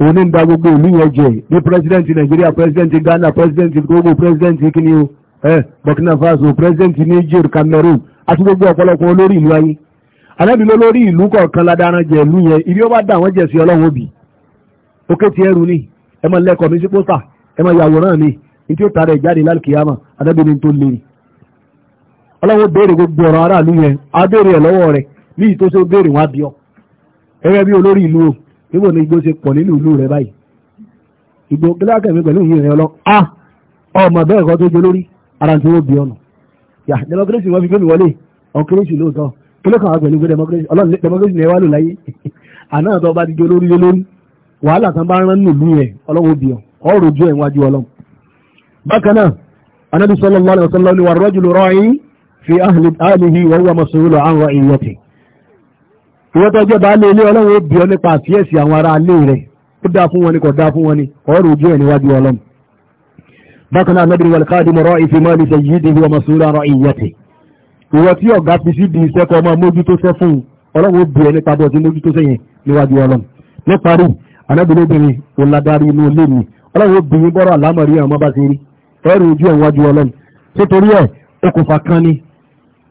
òun ń da gbogbo ìlú yẹn jẹ ní nigeria nàìjíríà ghana presidenti gbogbo presidenti kìíní o ẹ burkina faso presidenti niger cameroon àti gbogbo ọ̀pọ̀lọpọ̀ olórí ìlú ayé alábìlẹ̀ olórí ìlú kọ̀ọ̀kan ladaran jẹ ìlú yẹn ibi ó bá dà wọ́n jẹ sí ọlọ́run òbí òkè ni ẹ máa lẹ́kọ̀ọ́ mi sí pósà ẹ máa yàwòrán mi ní tí ó tara jáde lálùkìyàmà tó níbo ni igbó ṣe pọ̀ nínú ìlú rẹ báyìí igbó kílákẹ̀mí pẹ̀lú ìyìn rẹ ọlọ́ a ọmọ bẹ́ẹ̀ kọ́ tó jẹ lórí ara tí wọ́n bí ọ̀nà yà democracy wọ́n fi gbé mi wọlé ọ̀kírẹ́sì lóòótọ́ kí ló kàn wá pẹ̀lú gbé democracy ọlọ́run democracy ni ẹ wá lò láyé <laughs> àná tó bá ti jẹ lórí lé lórí wàhálà kan bá rán nù lú yẹn ọlọ́run òbí ọ ọ̀rọ̀ ojú ẹ̀ wájú ọlọ́run. bákan náà anábì sallallahu alaihi ni wà rọ́jùlù rọ́ọ̀yìn fi ahlihi wa huwa mas'ulun an ra'iyatihi ìwọ́n tó jẹ́ baálé ilé ọlọ́run ó bí ọ nípa àfiyèsí àwọn ará ilé rẹ̀ ó dáa fún wọn ni kò dáa fún wọn ni ọ̀rọ̀ ojú ẹ̀ níwájú ọlọ́run bákan náà nẹ́bìrì wal khadimu ra'i fi mali sayyidihi wa mas'ula ra'iyatihi ìwọ́n tí ọ̀gá fi sí di iṣẹ́ kọ́ ọmọ mójútó sẹ́ fún ọlọ́run ó bí ọ nípa bọ́ọ̀sì mójútó sẹ́yìn níwájú ọlọ́run ní parí anábìlóbìnrin oládàrí inú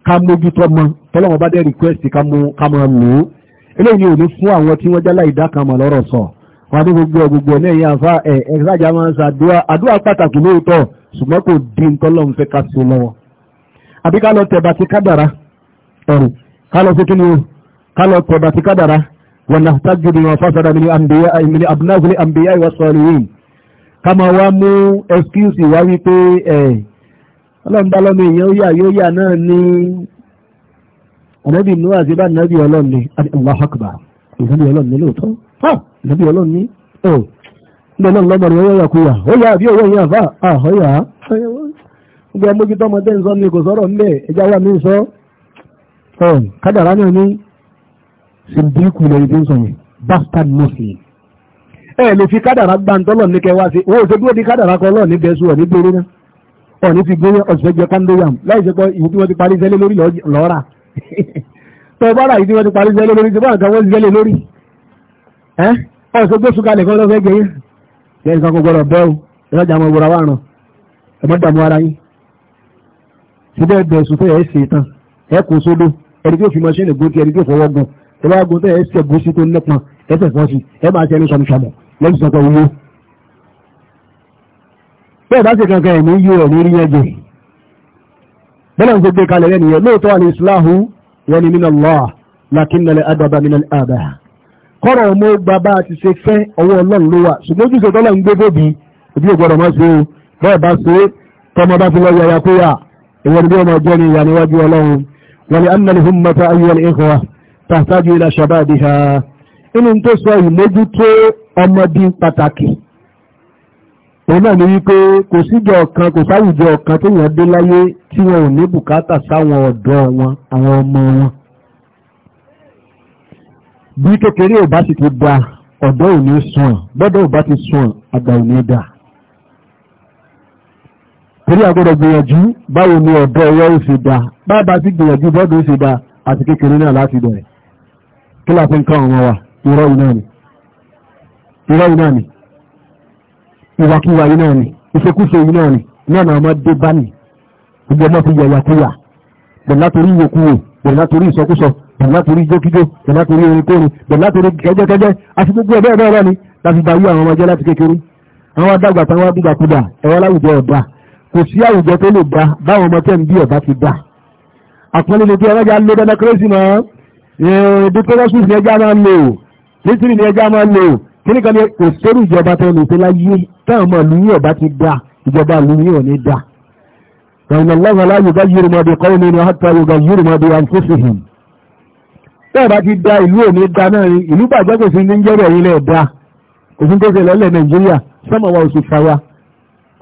ká mójútó mọ tọ́lọ́wọ́n bá dé request ká mọ lò ó eléyìí ni ò ní fún àwọn tí wọ́n jálá ìdá kan mọ̀ lọ́rọ̀ sọ wọn ní gbogbo ọgbogbo ní ẹ̀yìn àfa ẹ̀ ẹ̀ sájà máa ń sa àdúrà àdúrà pàtàkì lóòótọ́ ṣùgbọ́n kò dín tọ́lọ́run fẹ́ ká sí lọ́wọ́ àbí ká lọ tẹ̀bà ti kádàrá ẹ̀rù ká lọ sí kí ni o ká lọ tẹ̀bà ti kádàrá wọn náà tájú ni wọn fásitì àmì àmbíyá àmì àbúnáfúlẹ̀ àmbíyá ìwà sọ̀rọ̀ yìí ká máa wá mú excuse wá wípé ẹ̀ ọlọ́run bá lọ́mọ èèyàn ó yà yóò yà náà ní ọ̀nàbì nù àti bá nàbì ọlọ́run ní Allahu Akbar ìnábì ọlọ́run ní lóòótọ́ ìnábì ọlọ́run ní ò nígbà náà lọ́mọ rẹ̀ ó yà kú yà ó yà àbí òwò yẹn àfà àhọ́ yà á gbogbo amójútó ọmọdé ń sọ ni kò sọ̀rọ̀ ńbẹ ẹja wà mí sọ kádàrá náà ní sìndíkù lẹ́yìn tó ń sọ yẹn bastard muslim ẹ lè fi kádàrá gbàǹtọ́ lọ́ọ̀ ní kẹwàá sí owó òṣèlú ní kádàrá kọ́ lọ́ọ̀ ní bẹ́ẹ̀ sùn ọ̀ ní gbèrú náà ọ̀ní ti gbé ọ̀sẹ̀ jẹ kọ́ndóyàm láì ṣe pé ìwé tí wọ́n ti parí sẹ́lẹ̀ lórí lọ́ra tọ́ bára ìdí wọ́n ti parí sẹ́lẹ̀ lórí ṣe bára kan wọ́n ti sẹ́lẹ̀ lórí ẹ́ ọ̀sẹ̀ gbé sùkà lẹ̀kọ́ lọ́fẹ́ jẹ ṣe nǹkan kò gbọdọ̀ bẹ́ẹ̀ o ìrọ̀jà àwọn ìwòrán wà ràn ẹ̀mọ́ dààmú ara yín síbẹ̀ bẹ̀ sùn tẹ́ ẹ̀ ṣe tán ẹ̀ kò sódó ẹni tí ó fi mọ́ṣẹ́ nìgbó ti ẹni tí ó fọwọ́ gun ẹ bá gun tẹ́ ẹ̀ ṣẹ̀gún sí tó nípọn ẹ̀ ṣẹ̀fọ́ sí ẹ máa ṣe ẹni sọmùsọmù lẹ́yìn sọ́kọ̀ owó bẹ́ẹ̀ bá sì kankan ẹ̀mí yí ẹ̀ ní rí yẹn jẹ bẹ́ẹ̀ ń gbé kalẹ̀ rẹ̀ nìyẹn lóòótọ́ àni islahu wọn ni minna allah lakinna al adaba minna àbá kọ́rọ̀ ọmọ gba bá ti ṣe fẹ́ ọwọ́ ọlọ́run ṣùgbọ́n ojúṣe tọ́lá ń gbé bóbi ojú ìgbọ́dọ̀ má ṣe bẹ́ẹ̀ bá ṣe tọmọ bá fi lọ yàyà kó bí ọmọ ọjọ́ ni ìyà níwájú ọlọ́run wọn ni annal hummata ayyul ikhwa tahtaju ila shababiha inú tó sọ ìmójútó ọmọdé pàtàkì òun náà ni wípé kò síjọ kan kò sáwùjọ kan tó yàn dé láyé tí wọn ò ní bùkátà sáwọn ọ̀dọ́ wọn àwọn ọmọ wọn bí kékeré ò bá sì ti da ọ̀dọ́ ò ní sùn bọ́dọ̀ ò bá ti sùn àgbà ò ní dà torí àgbọ̀dọ̀ gbìyànjú báwo ni ọ̀dọ́ ọwọ́ ó ṣe dá bábá sí gbìyànjú bọ́dọ̀ ó ṣe dá àti kékeré náà láti bẹ̀rẹ̀ kí láti ń kọ́ àwọn wa irọ́ ìnáà ni irọ́ ìnáà ni ìwàkiwà yìí náà ni ìṣekúṣe yìí náà ni náà náà máa dé bá ní gbogbo ọmọ fi yẹ̀yàkúyà bẹ̀rẹ̀ látòrí ìwòkúwò bẹ̀rẹ̀ látòrí ìsọkúsọ bẹ̀rẹ̀ látòrí jókíjó bẹ̀rẹ̀ látòrí erinkóni bẹ̀rẹ̀ látòrí kẹjẹkẹjẹ àti gbogbo ẹ̀ bẹ́ẹ̀ bẹ́ẹ̀ ni láti bá yí àwọn ọmọ jẹ́ láti kékeré àwọn adágbà táwọn abúgbàkúdà ẹ̀wọ́ láwùjọ ọ̀dà kò sí àwùjọ tó lè dá báwọn ọmọ tẹ́m bí ọ̀dà ti dá àpọ́nlẹ̀ lè fi ọlọ́jà lé democracy mọ́ ẹ̀ẹ́dẹ́gbẹ́rẹ́sùn ni ẹja máa ń lò nítorí ni ẹja máa ń lò kíní kan ní kò sórí ìjọba tó lè tó láyé táwọn ọmọ ìlú yóò bá ti dá ìjọba ìlú yóò ní dá. Ìrànlọ́ lọ́wọ́ láyé bá yìí rúmọ́ bí kọ́ ní ọ̀tá yóò yìí rúmọ́ bí wọn kó sì hìn. Bẹ́ẹ̀ bá ti dá ìlú òní dá náà ni ìlú bàjẹ́ kò sí ní jẹ́rẹ̀ yìí lẹ̀ dá. Òfin tó ṣẹlẹ̀ lẹ̀ Nàìjíríà sọ́mọ̀ wa oṣù fàwa.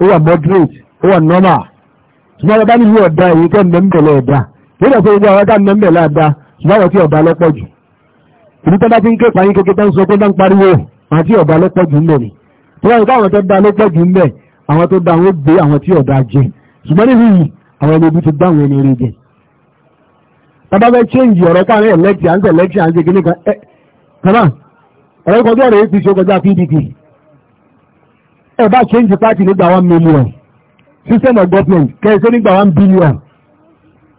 Ó wà moderate, ó wà normal. Ṣùgbọ́n àti ọ̀dà ló pọ̀jù ńbẹ̀ ni tó wáyé káwọn tó dá ló pọ̀jù ńbẹ̀ àwọn tó dá wọn gbé àwọn tí ọ̀dà jẹ ṣùgbọ́n níbi yìí àwọn ẹni ibi ti dá àwọn ẹni eré jẹ. bàbá fẹ́ ṣéǹjì ọ̀rọ̀ káàrin ẹ̀lẹ́kì àǹtẹ̀ ẹ̀lẹ́kì àǹtẹ̀ kìíní kan ẹ̀ kàmá ọ̀rọ̀ kọjá ọ̀rọ̀ apc kọjá pdp ẹ̀ bá ṣéǹjì pátì nígbà one million system of government kẹ́ẹ̀ṣẹ́ nígbà one billion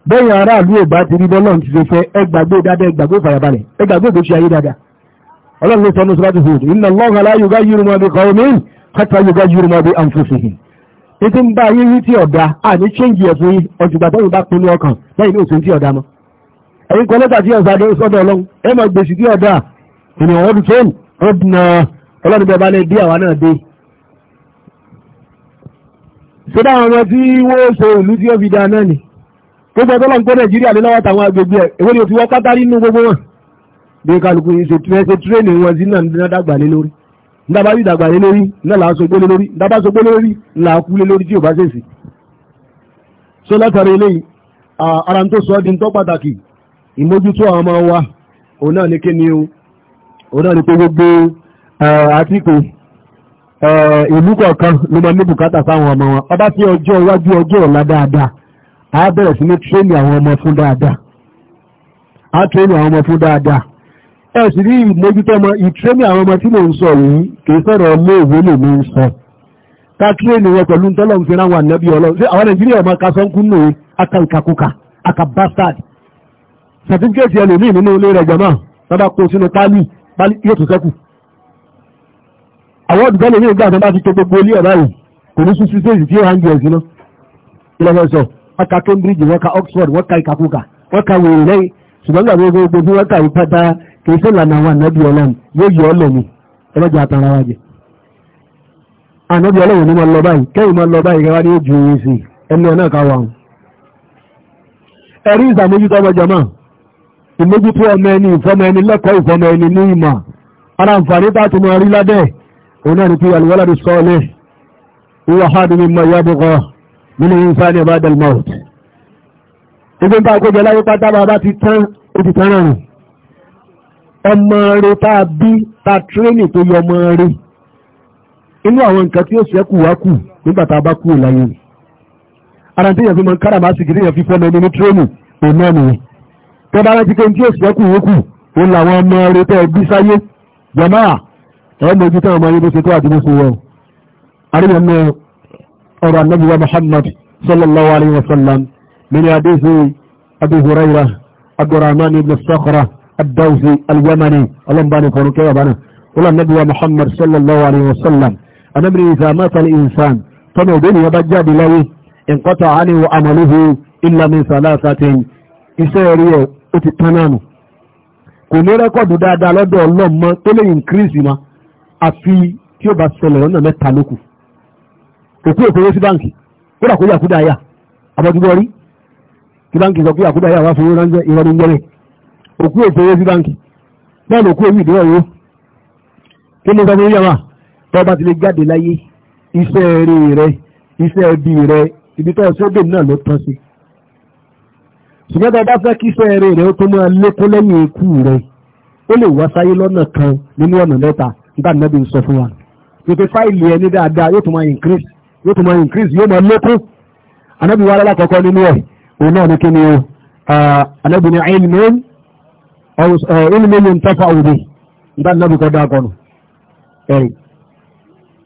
bẹ́ẹ̀ aráàlú ò bá ti rí bọ́lọ́ọ̀ ti ṣe fẹ́ ẹ gbàgbé dáadáa ẹ gbàgbé ìfàyàbalẹ̀ ẹ gbàgbé ìgbésí ayé dáadáa ọlọ́run ló sọ ní sọ́dọ̀ Hud a Allaha la yughayyiru ma bi qawmin hatta yughayyiru ma bi anfusihim títí ń bá yí yí tí ọ̀dà àní ṣéǹjì ẹ̀fún yí ọ̀tùgbà a bá pinnu ọkàn lẹ́yìn ní òsín tí ọ̀dà mọ́ ẹ̀yìn kan lẹ́tà tí ọ̀sà sọ́dọ̀ ọlọ́run ẹ mọ̀ gbèsè tí ọ̀dà ènìyàn ọdún bí kálukú yìí ṣe tún ẹ ṣe tírénì wọn sí náà ní dàgbà lé lórí ndaba yìí dàgbà lé lórí náà làá sogbó lé lórí ndaba sogbó lé lórí làá kú lé lórí tí ò bá ṣèṣì. so látàrí eléyìí ara tó sọ di tó pàtàkì ìmójútó àwọn ọmọ wa òun náà ní kíni o òun náà ní pé gbogbo àtìkù ìlú kọ̀ọ̀kan ló máa ní bùkátà fáwọn ọmọ wọn ọba tí ọjọ́ iwájú ọjọ́ ọ̀la dáadáa á bẹ̀rẹ̀ sí ní tírénì àwọn ọmọ fún dáadáa á tírénì àwọn ọmọ fún dáadáa ẹ sì rí ìmójútó ọmọ ìtírẹ́nì àwọn ọmọ tí mò ń sọ yìí kìí sọ̀rọ̀ ọmọ òwe lè mú ń sọ ká tírẹ́nì wọn pẹ̀lú tọ́lọ̀ ń fi ránwọ̀ ànábì ọlọ́run ṣé àwọn nàìjíríà ọmọ kasọ́nkú nù aka ìkakùkà aka bastard sàtífíkẹ́tì ẹlòmíì nínú ilé rẹ̀ jọ̀mọ́ bàbá kó sínú pálí pálí yóò tún sẹ́kù àwọn ọ̀dùnkọ́ lè ní ìgbà àtàbà ti tó gbogbo ilé ọ̀rá yìí kò ní sísú sí èyí tí ó hàn jẹ́ ìsinú Oxford wọ́n ka ìkàkùkà wọ́n ka wèrè lẹ́yìn ṣùgbọ́n gbàgbé gbogbo bí wọ́n ka ìpátá kì í sọ̀lànà àwọn ànábì ọlọ́run yóò yọ ọ́ lẹ̀ ni ẹlọ́jà àtàrà wa jẹ ànábì ọlọ́run ní máa lọ báyìí kẹ́yìn máa lọ báyìí rárá ní ojú oyin sí ẹnu ẹ̀ náà ká wà hàn ẹ̀rí ìsàmójútó ọmọ jọmọ́ ìmójútó ọmọ ẹni ìfọmọ ẹni lẹ́kọ̀ọ́ ìfọmọ ẹni ní ìmọ̀ ara àǹfààní tá a tún rí ládẹ́ òun náà ni pé ìgbìmọ̀ àkójọ láyé pátá bàbá ti tán ó ti tán náà ọmọ rẹ̀ tá a bí tá a tírénì tó yọ ọmọ rẹ̀ inú àwọn nǹkan tí ó ṣẹ́kù wá kù nígbà tá a bá kú láyé ni ara tí èèyàn fi mọ kára máa sìgìrì èèyàn fi fọ́ ọmọ ẹni ní tírénì òun náà nìyẹn tó bá rántí pé tí ó ṣẹ́kù yókù òun làwọn ọmọ rẹ̀ tẹ́ bí sáyé jọ̀máà ẹ̀ mọ̀jú táwọn ọmọ yẹn bó ṣe tó àti bó ṣe wọ̀ àríyàn náà ọ̀rọ̀ anábìwá Muhammad sallallahu alayhi wa sallam min hadisi Abu Hurairah Abdurrahman ibn Sakhra adáwùsí alyamani ọlọ́mbani fọ̀rún kẹwàá bánà wọ́n nàbíwá muhammad sallallahu alayhi wa sallam anábìrì ìsàmátàlì ìsàn tọ́nà òbẹ́ni ọba jáde láyé ìǹkọ́ta àánìwò àmàlúhu ìlàmì sàlásàtì iṣẹ́ rí ẹ̀ ó ti tán náà nù kò ní rẹ́kọ̀dù dáadáa lọ́dọ̀ ọlọ́mọ tó lè ìnkírìsì ma àfi tí ó bá ṣẹlẹ̀ lọ́nà mẹ́ta lókù òkú òkúrò sí báǹkì kódà kó yàkúdà yà abọ́dúgbọ́ rí kí báǹkì sọ kó yàkúdà yà wá fún ìrọ́njẹ́ ìrọ́njẹ́ rẹ̀ òkú ètò owó sí báńkì bẹ́ẹ̀ lòkú èyí ìdúró owó kí ni sọmọ yíyá wà tọ́ bá ti lè jáde láyé iṣẹ́ eré rẹ iṣẹ́ ẹbí rẹ ibi tọ́ sódè náà ló tán sí ṣùgbọ́n tó bá fẹ́ kí iṣẹ́ eré rẹ ó tó máa lékún lẹ́yìn ikú rẹ ó lè wá sáyé lọ́nà kan nínú ọ̀nà mẹ́ta nígbà níbi sọ fún wa pípé fáìlì ẹni dáadáa yóò tún máa increase yóò tún máa increase yóò máa lékún anábìwá alákọ̀ọ́kọ́ nínú ẹ̀ òun náà ní kí ni o anábìwá ah, ilmin ilmin yuntafa'u bihi nígbà náà bí kọ́ dá akọ́nù ẹ̀rì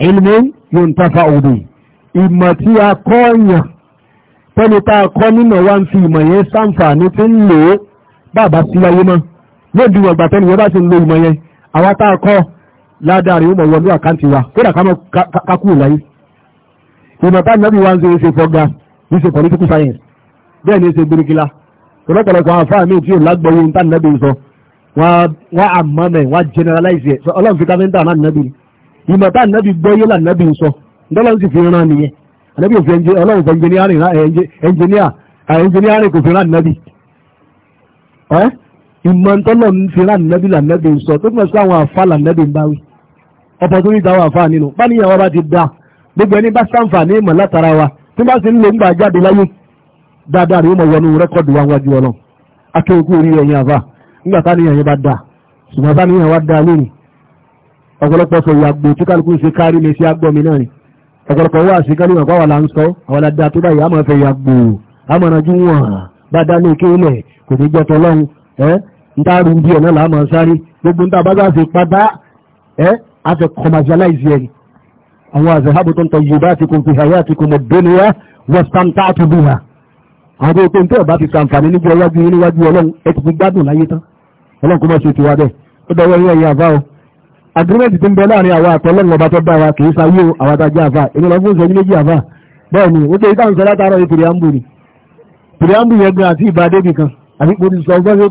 ilmin yuntafa'u bihi ìmọ̀ tí a kọ́ yàn tẹ́ni tá a kọ́ nínà wá ń fi ìmọ̀ yẹn sáǹfààní tí ń lò ó bàbá sí ayé mọ́ lóòdì wọn gbà tẹ́ni yẹn bá sì ń lo ìmọ̀ yẹn àwa tá a kọ́ ládàrí ó mọ̀ wọlé àkáǹtì wa kódà ká mọ̀ kákú láyé ìmọ̀ tá nàbí wa ń ṣe é ṣe fọ́gà lọ́pọ̀lọpọ̀ àfáà mi tí ò lágbọ̀wé ní tánàbí sọ wọ́n àmọ́ mẹ́ wọ́n generalize ẹ̀ ọlọ́run fi káfíńtà náà nàbí ìmọ̀ tánàbí gbọ́yé là nàbí sọ ńdọ́lọ́run sì fi ràn nìyẹn ànábì òfin ọlọ́run fẹ́ engineering kò fi ràn nàbí ẹ́ ìmọ̀ ntọ́lọ̀ ń fi ràn nàbí là nàbí sọ tó fún ẹ sọ àwọn àfáà là nàbí ń báwí opportunity àwọn àfáà nínú bá níyàwó bá ti dá gbogbo ẹni bá sáǹfà ní wa tí bá sì ń lo dáadáa yóò mọ̀ wọnú rẹ́kọ̀dù wa wájú ọlọ́run akéwòkú orí ẹ̀yìn àbá nígbà táníyàn yẹn bá dáa ṣùgbọ́n táníyàn wá dáa lónìí ọ̀pọ̀lọpọ̀ sọ ìyàgbò tí kálukú ṣe kárí mi sí agbọ́mi náà ni ọ̀pọ̀lọpọ̀ wà sí kálukú àpá a là ń sọ àwọn àdá tó báyìí àmọ́ fẹ́ ìyàgbò àmọ́ranjú wọn bá dá ní kéwìlẹ̀ kò ní gbogbo àwọn tó pé tẹ́ẹ̀ bá fi kàǹfààní níbi ọwájú níwájú ọlọ́run ẹ ti fi gbádùn láyé tán ọlọ́run kó mọ̀ ṣe ti wá bẹ́ẹ̀ ó dọwọ́ yẹ ìyá àfá o agreement ti ń bẹ láàrin àwa àtọ́lọ́run ọba tó bá wa kì í sa yóò àwa tá a jẹ́ àfá èmi lọ fún ìṣẹ́jú méjì àfá bẹ́ẹ̀ ni ó ṣe ìta ń sọ látara ní pìrìàmbù ni pìrìàmbù yẹn gan àti ìbá débì kan àti kò ní sọ fẹ́ ṣe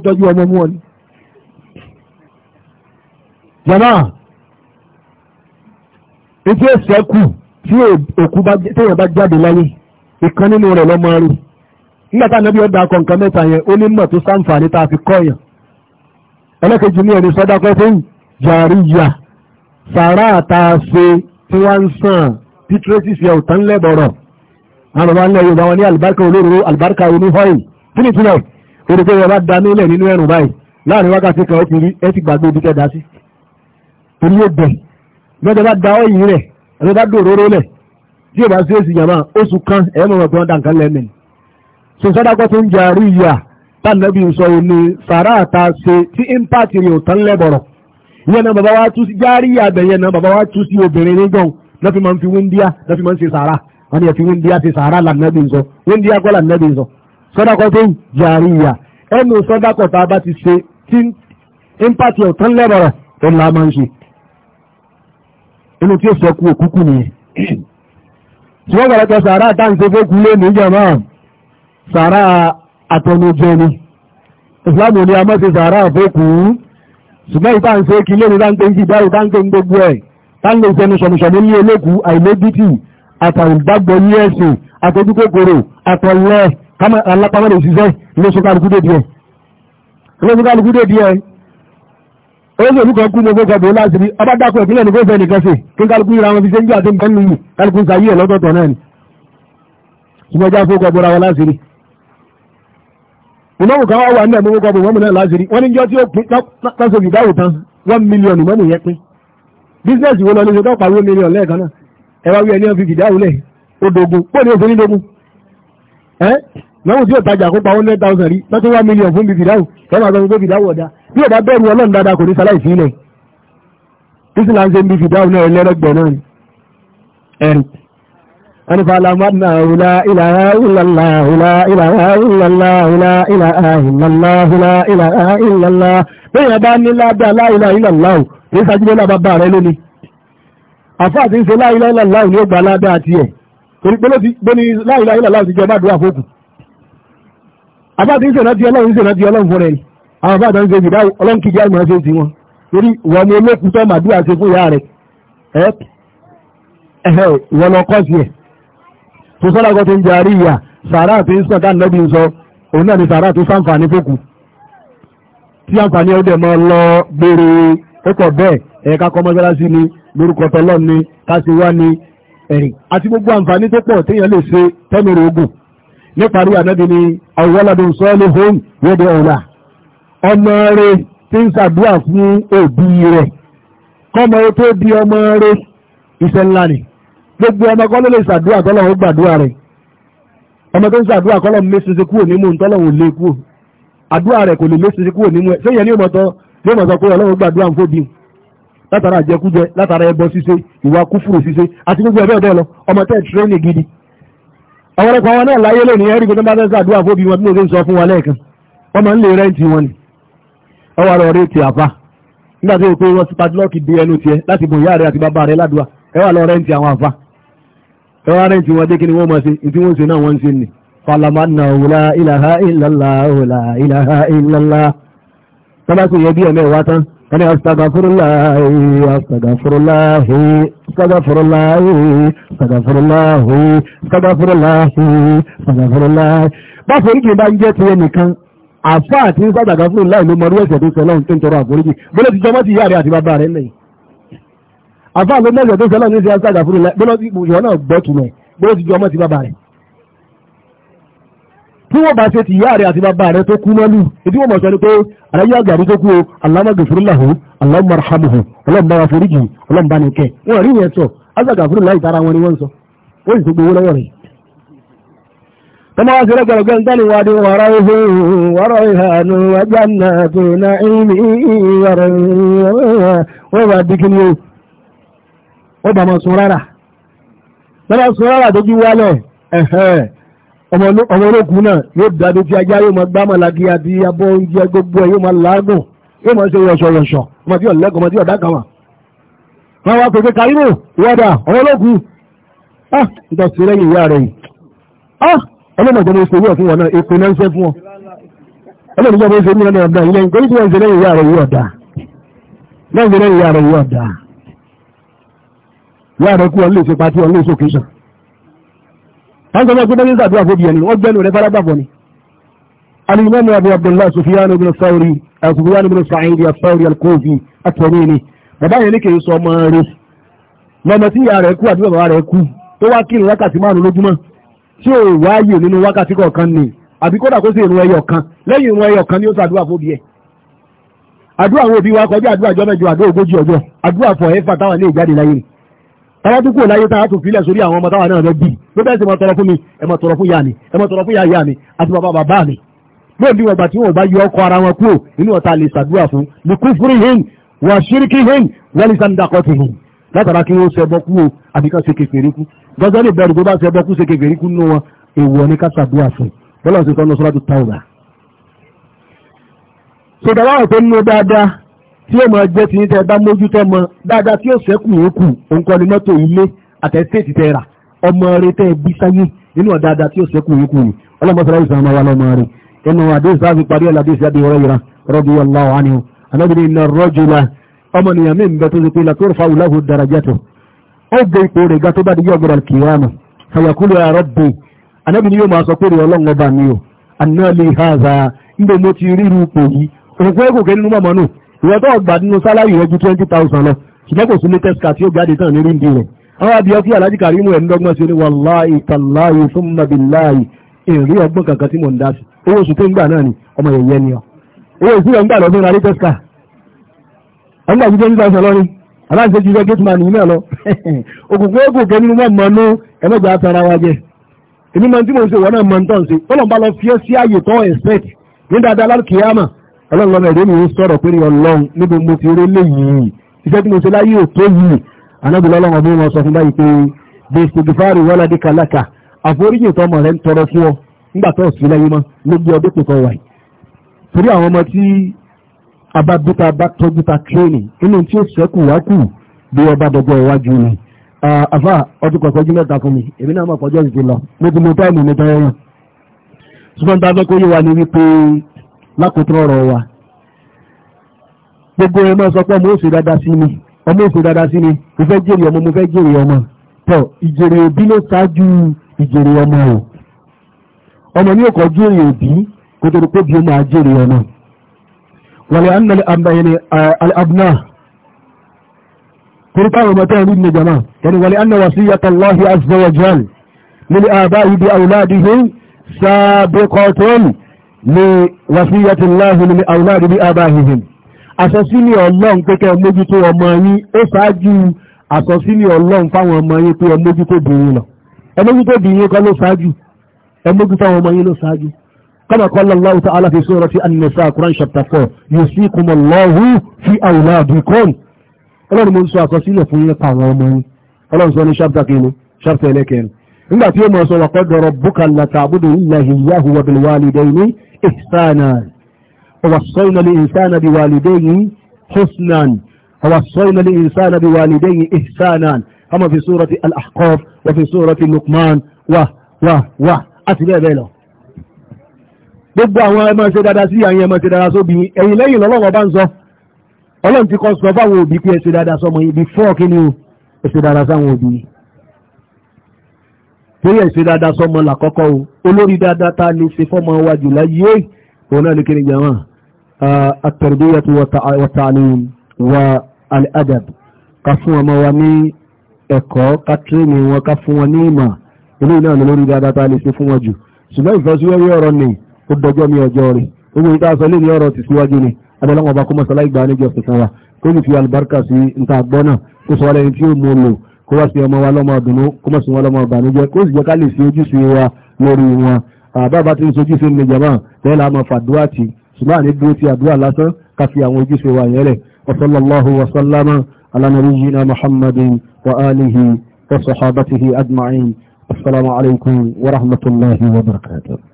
tọ́jú ọmọ nígbàtà nàbí ọ̀dà kọ̀ǹkan mẹ́ta yẹn ó ní mọ̀ tó sáǹfààní tá a fi kọ́ yàn ẹlẹ́kejì ní ẹni sọ́dá kọ́ fún jàríyà sàrà àtàṣe tí wọ́n ń sàn pítírẹ́sìsì ẹ̀ òtán lẹ́bọ̀rọ̀ àwọn ọba ńlẹ̀ yorùbá wọn ní àlùbáríkà olóró àlùbáríkà oní họ́ì kí ni ìtumọ̀ òdòdó yẹn bá da nílẹ̀ nínú ẹ̀rùn báyìí láàrin wákàtí kan ó ti rí ẹ ti gbàgbé ibi tẹ́ da so sọ́dákọ́ tó ń jẹ àrí ìyá tàbí sọ ní sàrá àta ṣe tí impact rẹ̀ ò tán lẹ́bọ̀rọ̀ ìyẹn náà bàbá wa tú sí járí àbẹ̀yẹn náà bàbá wa tú sí obìnrin nígbọ̀n náà fi máa ń fi wúndíá náà fi máa ń ṣe sàrá wọ́n ní ẹ̀ fi wúndíá ṣe sàrá làǹdẹ́bì sọ wúndíá kọ́ làǹdẹ́bì sọ sọ́dákọ́ ń jẹ àrí ẹnu sọ́dákọ̀ bá ti ṣe tí impact rẹ̀ ò lẹ́bọ̀rọ̀ òun la máa ń ṣe inú tí ó sọ kú òkúkú nìyẹn tí sàárà àtẹnujẹni ìsìláàmù ni a mọ́ sí sàárà àfẹ́kù ṣùgbọ́n ìta ń ṣe kí lé ní dáńgbé ń jìdá ìdáńgbé ń gbogbo ẹ̀ táńgbé ìṣẹ́nu ṣọ̀mùṣọ̀mù ní eléku àìlébítì àtàwùgbàgbọ́ ní ẹ̀sìn àtọ́júkòkòrò àtọ̀lẹ́ alápámọ́lẹ̀ òṣìṣẹ́ lóṣùkàlùkúdé díẹ̀ lóṣùkàlùkúdé díẹ̀ oóṣèlú olùkọ́ kú mo fẹ́kọ̀ọ́ bèèrè láti rí ọba dákọ̀ ìpínlẹ̀ ní fẹ́fẹ́ nìkan sí kí kálukú yìí ra wọn fi ṣe ń jẹ́ ẹ̀ ṣùgbọ́n já fókọ̀ bọ́ra wọn láti rí ìmọ̀mù kan wà ní ẹ̀mú gbogbo ìmọ̀mù náà láti rí wọ́n ní jọ́ tí ó pín lọ́sọ̀ ìdáwò tán one million ìmọ̀mù yẹn pín bísíǹsì wo lọ ní ṣetán pàrọ̀ million lẹ́ẹ̀kan náà ẹ wá wí ẹni ọ̀fi ìdáwò lẹ̀ ó dogun pọ̀ ní òfin dogun ẹ́ ìmọ̀mù tí ó tajà kó pa one thousand rí lọ́tọ́ one million fún ìdáwò kẹ́mà sọ pé ìdáwò ọ̀dà bí ọ̀dà bẹ́ẹ̀ ni ọlọ́run dáadáa kò ní sáláì sílẹ̀ أن فلمنا لا إله إلا الله لا إله إلا الله لا إله إلا الله لا إله إلا الله bẹ́yìn bá ní ládàá láìlá ìlàláà ní sàjílẹ̀ náà bàbá rẹ̀ lónìí àfáà ti ń ṣe láìlá ìlàláà ní ọgbà ládàá àti ẹ̀ torí sí ẹ̀ tó sọ́dọ̀kọ́ tó ń jẹ àrí ìyà sàárà tó ń sàn ká nẹ́bí ń sọ òun náà ni sàárà tó sàǹfààní fòkù tí àǹfààní ọdẹ mọ lọ gbére pẹ́pọ̀ bẹ́ẹ̀ ẹ̀ka kọmọsáláṣí ni lórúkọ tọlọ́ ni káṣíwá ni ẹ̀rìn àti gbogbo àǹfààní tó pọ̀ téèyàn lè ṣe tẹ́mìrì ogun níparí ànábi ni àwọ̀wọ́lọ́dún sọ́ọ́lé home yóò ọ̀la ọmọ rẹ̀ tí ń ṣàdúrà fún òbí rẹ̀ kọ́mọ tó di ọmọ rẹ̀ iṣẹ́ ńlá ni gbogbo ọmọ kọ́ ló lè ṣàdúrà tọ́lọ̀ ó gbàdúrà rẹ̀ ọmọ tó ń ṣàdúrà kọ́lọ̀ mẹ́sẹsẹ kúrò nímú tọ́lọ̀ ò lè kúrò àdúrà rẹ̀ kò lè mẹ́sẹsẹ kúrò nímú ẹ̀ sẹ́yìn ní ìmọ̀tọ́ ní ìmọ̀tọ́ pé ọlọ́run gbàdúrà ń fòbí látara àjẹkújẹ látara ẹbọ ṣíṣe ìwà kúfùrù ṣíṣe àti gbogbo ẹ̀bẹ́ ọ̀dọ́ lọ ọmọ tẹ́ tírẹ́nì gidi àwọn ọkọ̀ wọn náà láyé lè ní ẹ̀rí kó tó bá fẹ́ ṣàdúrà fóbi wọn bí mo ṣe ń sọ fún wa lẹ́ẹ̀kan wọ́n máa ń lè rẹ́ǹtì wọn ni ọwọ́ rẹ̀ ọ̀rẹ́ ti àfa nígbà tó o pé wọ́n ti patilọ́ọ̀kì dé ẹnu tiẹ̀ láti bọ̀ ìyá rẹ̀ àti bàbá rẹ̀ ládùúgbà ẹ wà lọ rẹ́ǹtì àwọn àfa ẹwà rẹ̀ tí wọ́n dé kí ni wọ́n máa ṣe tí wọ́n ṣe náà wọ́n ṣe ni falamana la ilaha illallah la ilaha illallah tọ́bá sí yẹ bí ẹ̀mẹ́ ìwá tán ẹni astagafurulahi astagafurulahi astagafurulahi astagafurulahi astagafurulahi astagafurulahi bá forí kì í bá ń jẹ́ ti ẹnìkan àfáà tí ń sàgàfúrúláì ló mọrú ẹ̀sẹ̀ tó sọ ń tọrọ àforíjì bọ́lẹ̀ ti jọmọ́ ti yára àti bàbá rẹ̀ lẹ́yìn àfáà ló mẹ́jọ tó sẹ́lá ní ṣe aṣáájà fún ilẹ̀ bọ́lá ìwọ náà gbọ́ tù rẹ̀ bọ́lá ti ju ọmọ ti bàbá rẹ̀. tí wọ́n bá ṣe ti ìyá rẹ̀ àti bàbá rẹ̀ tó kú mọ́lù ètí wọ́n mọ̀ sọ ni pé àlàyé àgbàdo tó kú o Allahumma ghfir lahu Allahumma arhamhu Allahumma wa foríjì Allahumma ni kẹ́ wọ́n rí yẹn sọ aṣáájà fún ilẹ̀ ìtara wọn ni wọ́n sọ wọ́n sì tó gbowó lọ́wọ́ rẹ̀. كما أسرق القنطل وادي وريه وريهان وجنة نعيم وريه وبدك اليوم wọ́n bá máa sun rárá lọ́wọ́ sun rárá tó bí wálẹ̀ ẹ̀hẹ́ ọmọ ológun náà yóò dádó tí ajá yóò máa gbámọ̀ lági àti abọ́ oúnjẹ gbogbo ẹ̀ yóò máa làágùn yóò máa ṣe yọ̀ṣọ̀yọ̀ṣọ̀ ọmọ tí ọ̀lẹ́kọ̀ ọmọ tí ọ̀dá kan wà. wọ́n wá pèsè kárínù ìwádà ọmọ ológun ah ìtọ́ sí lẹ́yìn ìyá rẹ̀ yìí ah ọlọ́mọdé mo ṣe wíwọ̀ fún wọn náà èpè náà ń ṣe fún ọ ọlọ́mọdé mo ṣe wíwọ̀ náà ọ̀dà ilẹ̀ nǹkan tí wọ́n ṣe lẹ́yìn ìyá rẹ̀ yìí ọ̀dà lẹ́yìn ìyá rẹ̀ yìí ọ̀dà ìyá rẹ̀ kú ọ lè ṣe pàtí ọ lè ṣòkè sàn. wọ́n sọ fún ẹgbẹ́ dẹ́gbẹ́ sàdúrà ni wọ́n gbẹ́nu a fárágbà bọ̀ ni. الإمام أبو عبد الله سفيان بن الثوري سفيان بن سعيد الثوري الكوفي التميمي bàbá yẹn ní kì í sọ ọmọ rẹ̀ lọ́mọ tí ìyá rẹ̀ kú àti bàbá rẹ̀ kú tó wá kí wákàtí ni àbí kódà kó kan lẹ́yìn wa kọjá àdúrà ọjọ́ mẹ́jọ tàbátú kò láyé táyà tó filẹ̀ sórí àwọn ọmọ táwa náà lọ bí ló bẹ́ẹ̀ sì mọ tọrọ fún mi ẹ mọ tọrọ fún yá mi ẹ mọ tọrọ fún yá yá mi àti bàbá bàbá mi bóun bí wọn gbà tí wọn bá yọ ọkọ ara wọn kúrò nínú ọ̀tá lè ṣàdúrà fún ní kúfúrú hin wà ṣíríkì hin wọ́n lè sàǹdàkọ́ ti hin látara kí wọ́n ṣẹbọ kú o àbí kan ṣe kékeré kú gọ́gọ́ lè bẹ̀rù tó bá ṣẹbọ kú ṣe kékeré kú nù wọn èèwọ̀ ní ká ṣàdúrà fún bọ́lá ṣe tọ́nu sọ́dọ̀ tó tàwọn. ṣèdàwọ́ àìpé nínú dáadáa tí ó máa jẹ́ tiyín tẹ́ bá mójú tẹ́ mọ dáadáa tí ó sẹ́kù yòókù òǹkọ́ ni mọ́tò ilé àtẹ́sẹ̀tì tẹ́ rà ọmọ rẹ tẹ́ bí sáyé nínú ọ̀dáadáa tí ó sẹ́kù yòókù ni ọlọ́mọsọ̀rọ̀ ìsàn máa wà lọ́mọ rẹ ẹnu àdéhùn sáàfin parí ọ̀la àdéhùn sáàfin ọ̀rọ̀ yìí rọ́bì ọ̀làwọ̀ àni anábìrin iná rọ́jùlá ọmọ nìyàn mí bẹ tó ti pé látó fa ìlàhù darajatu ó gbé ipò rẹ̀ ga tó bá di yọ gbọdọ̀ kìíyàmù fàyàkúlù àrọ́bì anábìrin yóò máa sọ pé rẹ̀ ọlọ́run ọba mi o àná lè ha àzà ń mo ti rí irú ipò yìí òkú ẹ̀kọ́ kẹ́ nínú mọ̀mọ́ e tó gbà nínú sálárì rẹ̀ ju twenty thousand lọ ṣùgbọ́n kò sí latest card tí ó jáde tán ní ríndì rẹ̀ àwọn abiyọ́ e alájí kàrímù ẹ̀ ń dọ́gbọ́n sí ní wàláì tàláì summa billahi èrí ọgbọ́n kankan tí mò ń dá sí owó oṣù tó ń gbà náà ni ọmọ ni ọ owó oṣù ń gbà twenty thousand lọ ni aláṣẹ ju iṣẹ́ gate man yìí náà lọ <laughs> òkùnkùn ogun wa ọlọ́run lọ́mọ ẹ̀dẹ́ mi ń sọ̀rọ̀ pé ọlọ́run níbo mo ti rí léyìí iṣẹ́ tí mo ṣe láyé ò tó yìí anábìlẹ̀ ọlọ́run ọdún wọn sọ fún báyìí pé bẹ́sìtìgìfáàrì wọ́n ládé kàlákà àforíjì tọmọ rẹ̀ ń tọrọ fún ọ nígbà tó sí láyé mọ́ ló gbé ọdún pẹ̀tọ́ wà yìí torí àwọn ọmọ tí abábúta bá tọ́jú ta tírénì inú tí ó sẹ́kù wá kù bí ọba dọgbọ iwájú ni àfà ọdún kọ̀ọ̀kan jí mẹ́ta fún mi èmi náà mọ̀ kọjọ́ ìdí mo ti mo táìmù mi tọ́ ẹ̀rọ ṣùgbọ́n tá a ni wípé lákòótọ́ ọ̀rọ̀ wa gbogbo ẹ̀ máa sọ pé ọmọ ó ṣe dáadáa sí mi ọmọ ó ṣe dáadáa sí mi mo fẹ́ jèrè ọmọ mo fẹ́ jèrè ọmọ tọ́ ìjèrè òbí ló ṣáájú ìjèrè ọmọ o ọmọ ní òkò jèrè òbí kó tó kó bí ó máa jèrè ọmọ wàlẹ̀ ànàlẹ̀ àbẹ̀yẹnì àbùnà torí káwọn ọmọ tẹ́rin ní jama yẹni wàlẹ̀ ànà wàsíyàtàláhì azza wa jal nílẹ̀ àbá ibi àwùládìhìn sáàbẹ̀kọ̀tọ́nì ní wàsíyàtí láàrin ní àwùláàrí bí àbáhìhìn àsọsílẹ̀ ọlọ́run pé kẹ́ mójútó ọmọ yín ó ṣáájú àsọsílẹ̀ ọlọ́run fáwọn ọmọ yín pé ọmójútó bìnrin lọ ẹmójútó bìnrin kan ló ṣáájú ẹmójútó àwọn ọmọ yín ló ṣáájú kama qala Allahu ta'ala fi surati an-nisa Quran chapter four yusikumullahu fi awladikum ọlọ́run mo ń sọ àsọsílẹ̀ fún yín pa àwọn ọmọ yín ọlọ́run sọ ní chapter إحسانا ووصينا الإنسان بوالديه حسنا ووصينا الإنسان بوالديه إحسانا كما في سورة الأحقاف وفي سورة لقمان و و و أتبع بيله gbogbo àwọn ẹmọ ṣe dáadáa sí àyìn ẹmọ ṣe dáadáa sóbi ẹ̀yìn lẹ́yìn lọ́lọ́wọ́ bá ń sọ ọlọ́run ti kọ́ sọ fáwọn òbí pé ẹ ṣe sọmọ yìí bí fọ́ọ̀kì ni ó ẹ ṣe sáwọn òbí bóyá ìṣe dáadáa sọmọ làkọ́kọ́ o olórí dáadáa tá a lè ṣe fọ́mọ wa jù láyé òun náà ní kí ni jàmá at-tarbiyatu wa wa al-adab ká fún ọmọ wa ní ẹ̀kọ́ ká tírèmì wọn ká fún wọn ní ìmọ̀ eléyìí náà lórí dáadáa tá a lè ṣe fún wọn jù ṣùgbọ́n ìfọ́síwẹ́wẹ́ ọ̀rọ̀ ni ó dọjọ́ mi ọjọ́ rẹ̀ gbogbo ìta sọ léèrè ọ̀rọ̀ ti síwájú ni adọ́lọ́wọ́n ọba kó mọ́sálá ìgbà níjọ́ sí fún wa kó ní fi àlùbáríkà sí ìta àgbọ́nà kó sọ kó wá sí ọmọ wa lọ́mọ ọdùnú kó mọ̀ sí wọn lọ́mọ ọbànújẹ́ kó sì jẹ́ ká lè fi ojúṣe wa lórí wọn àbábá tí ń sojú sí ní jama bẹ́ẹ̀ la máa fàdúrà tí ṣùgbọ́n ní dúró ti àdúrà lásán ká fi àwọn ojúṣe wa yẹn rẹ̀ wasallallahu wasallama ala nabiyyina muhammadin wa alihi wa sahabatihi ajma'in assalamu alaikum wa rahmatullahi wa barakatuh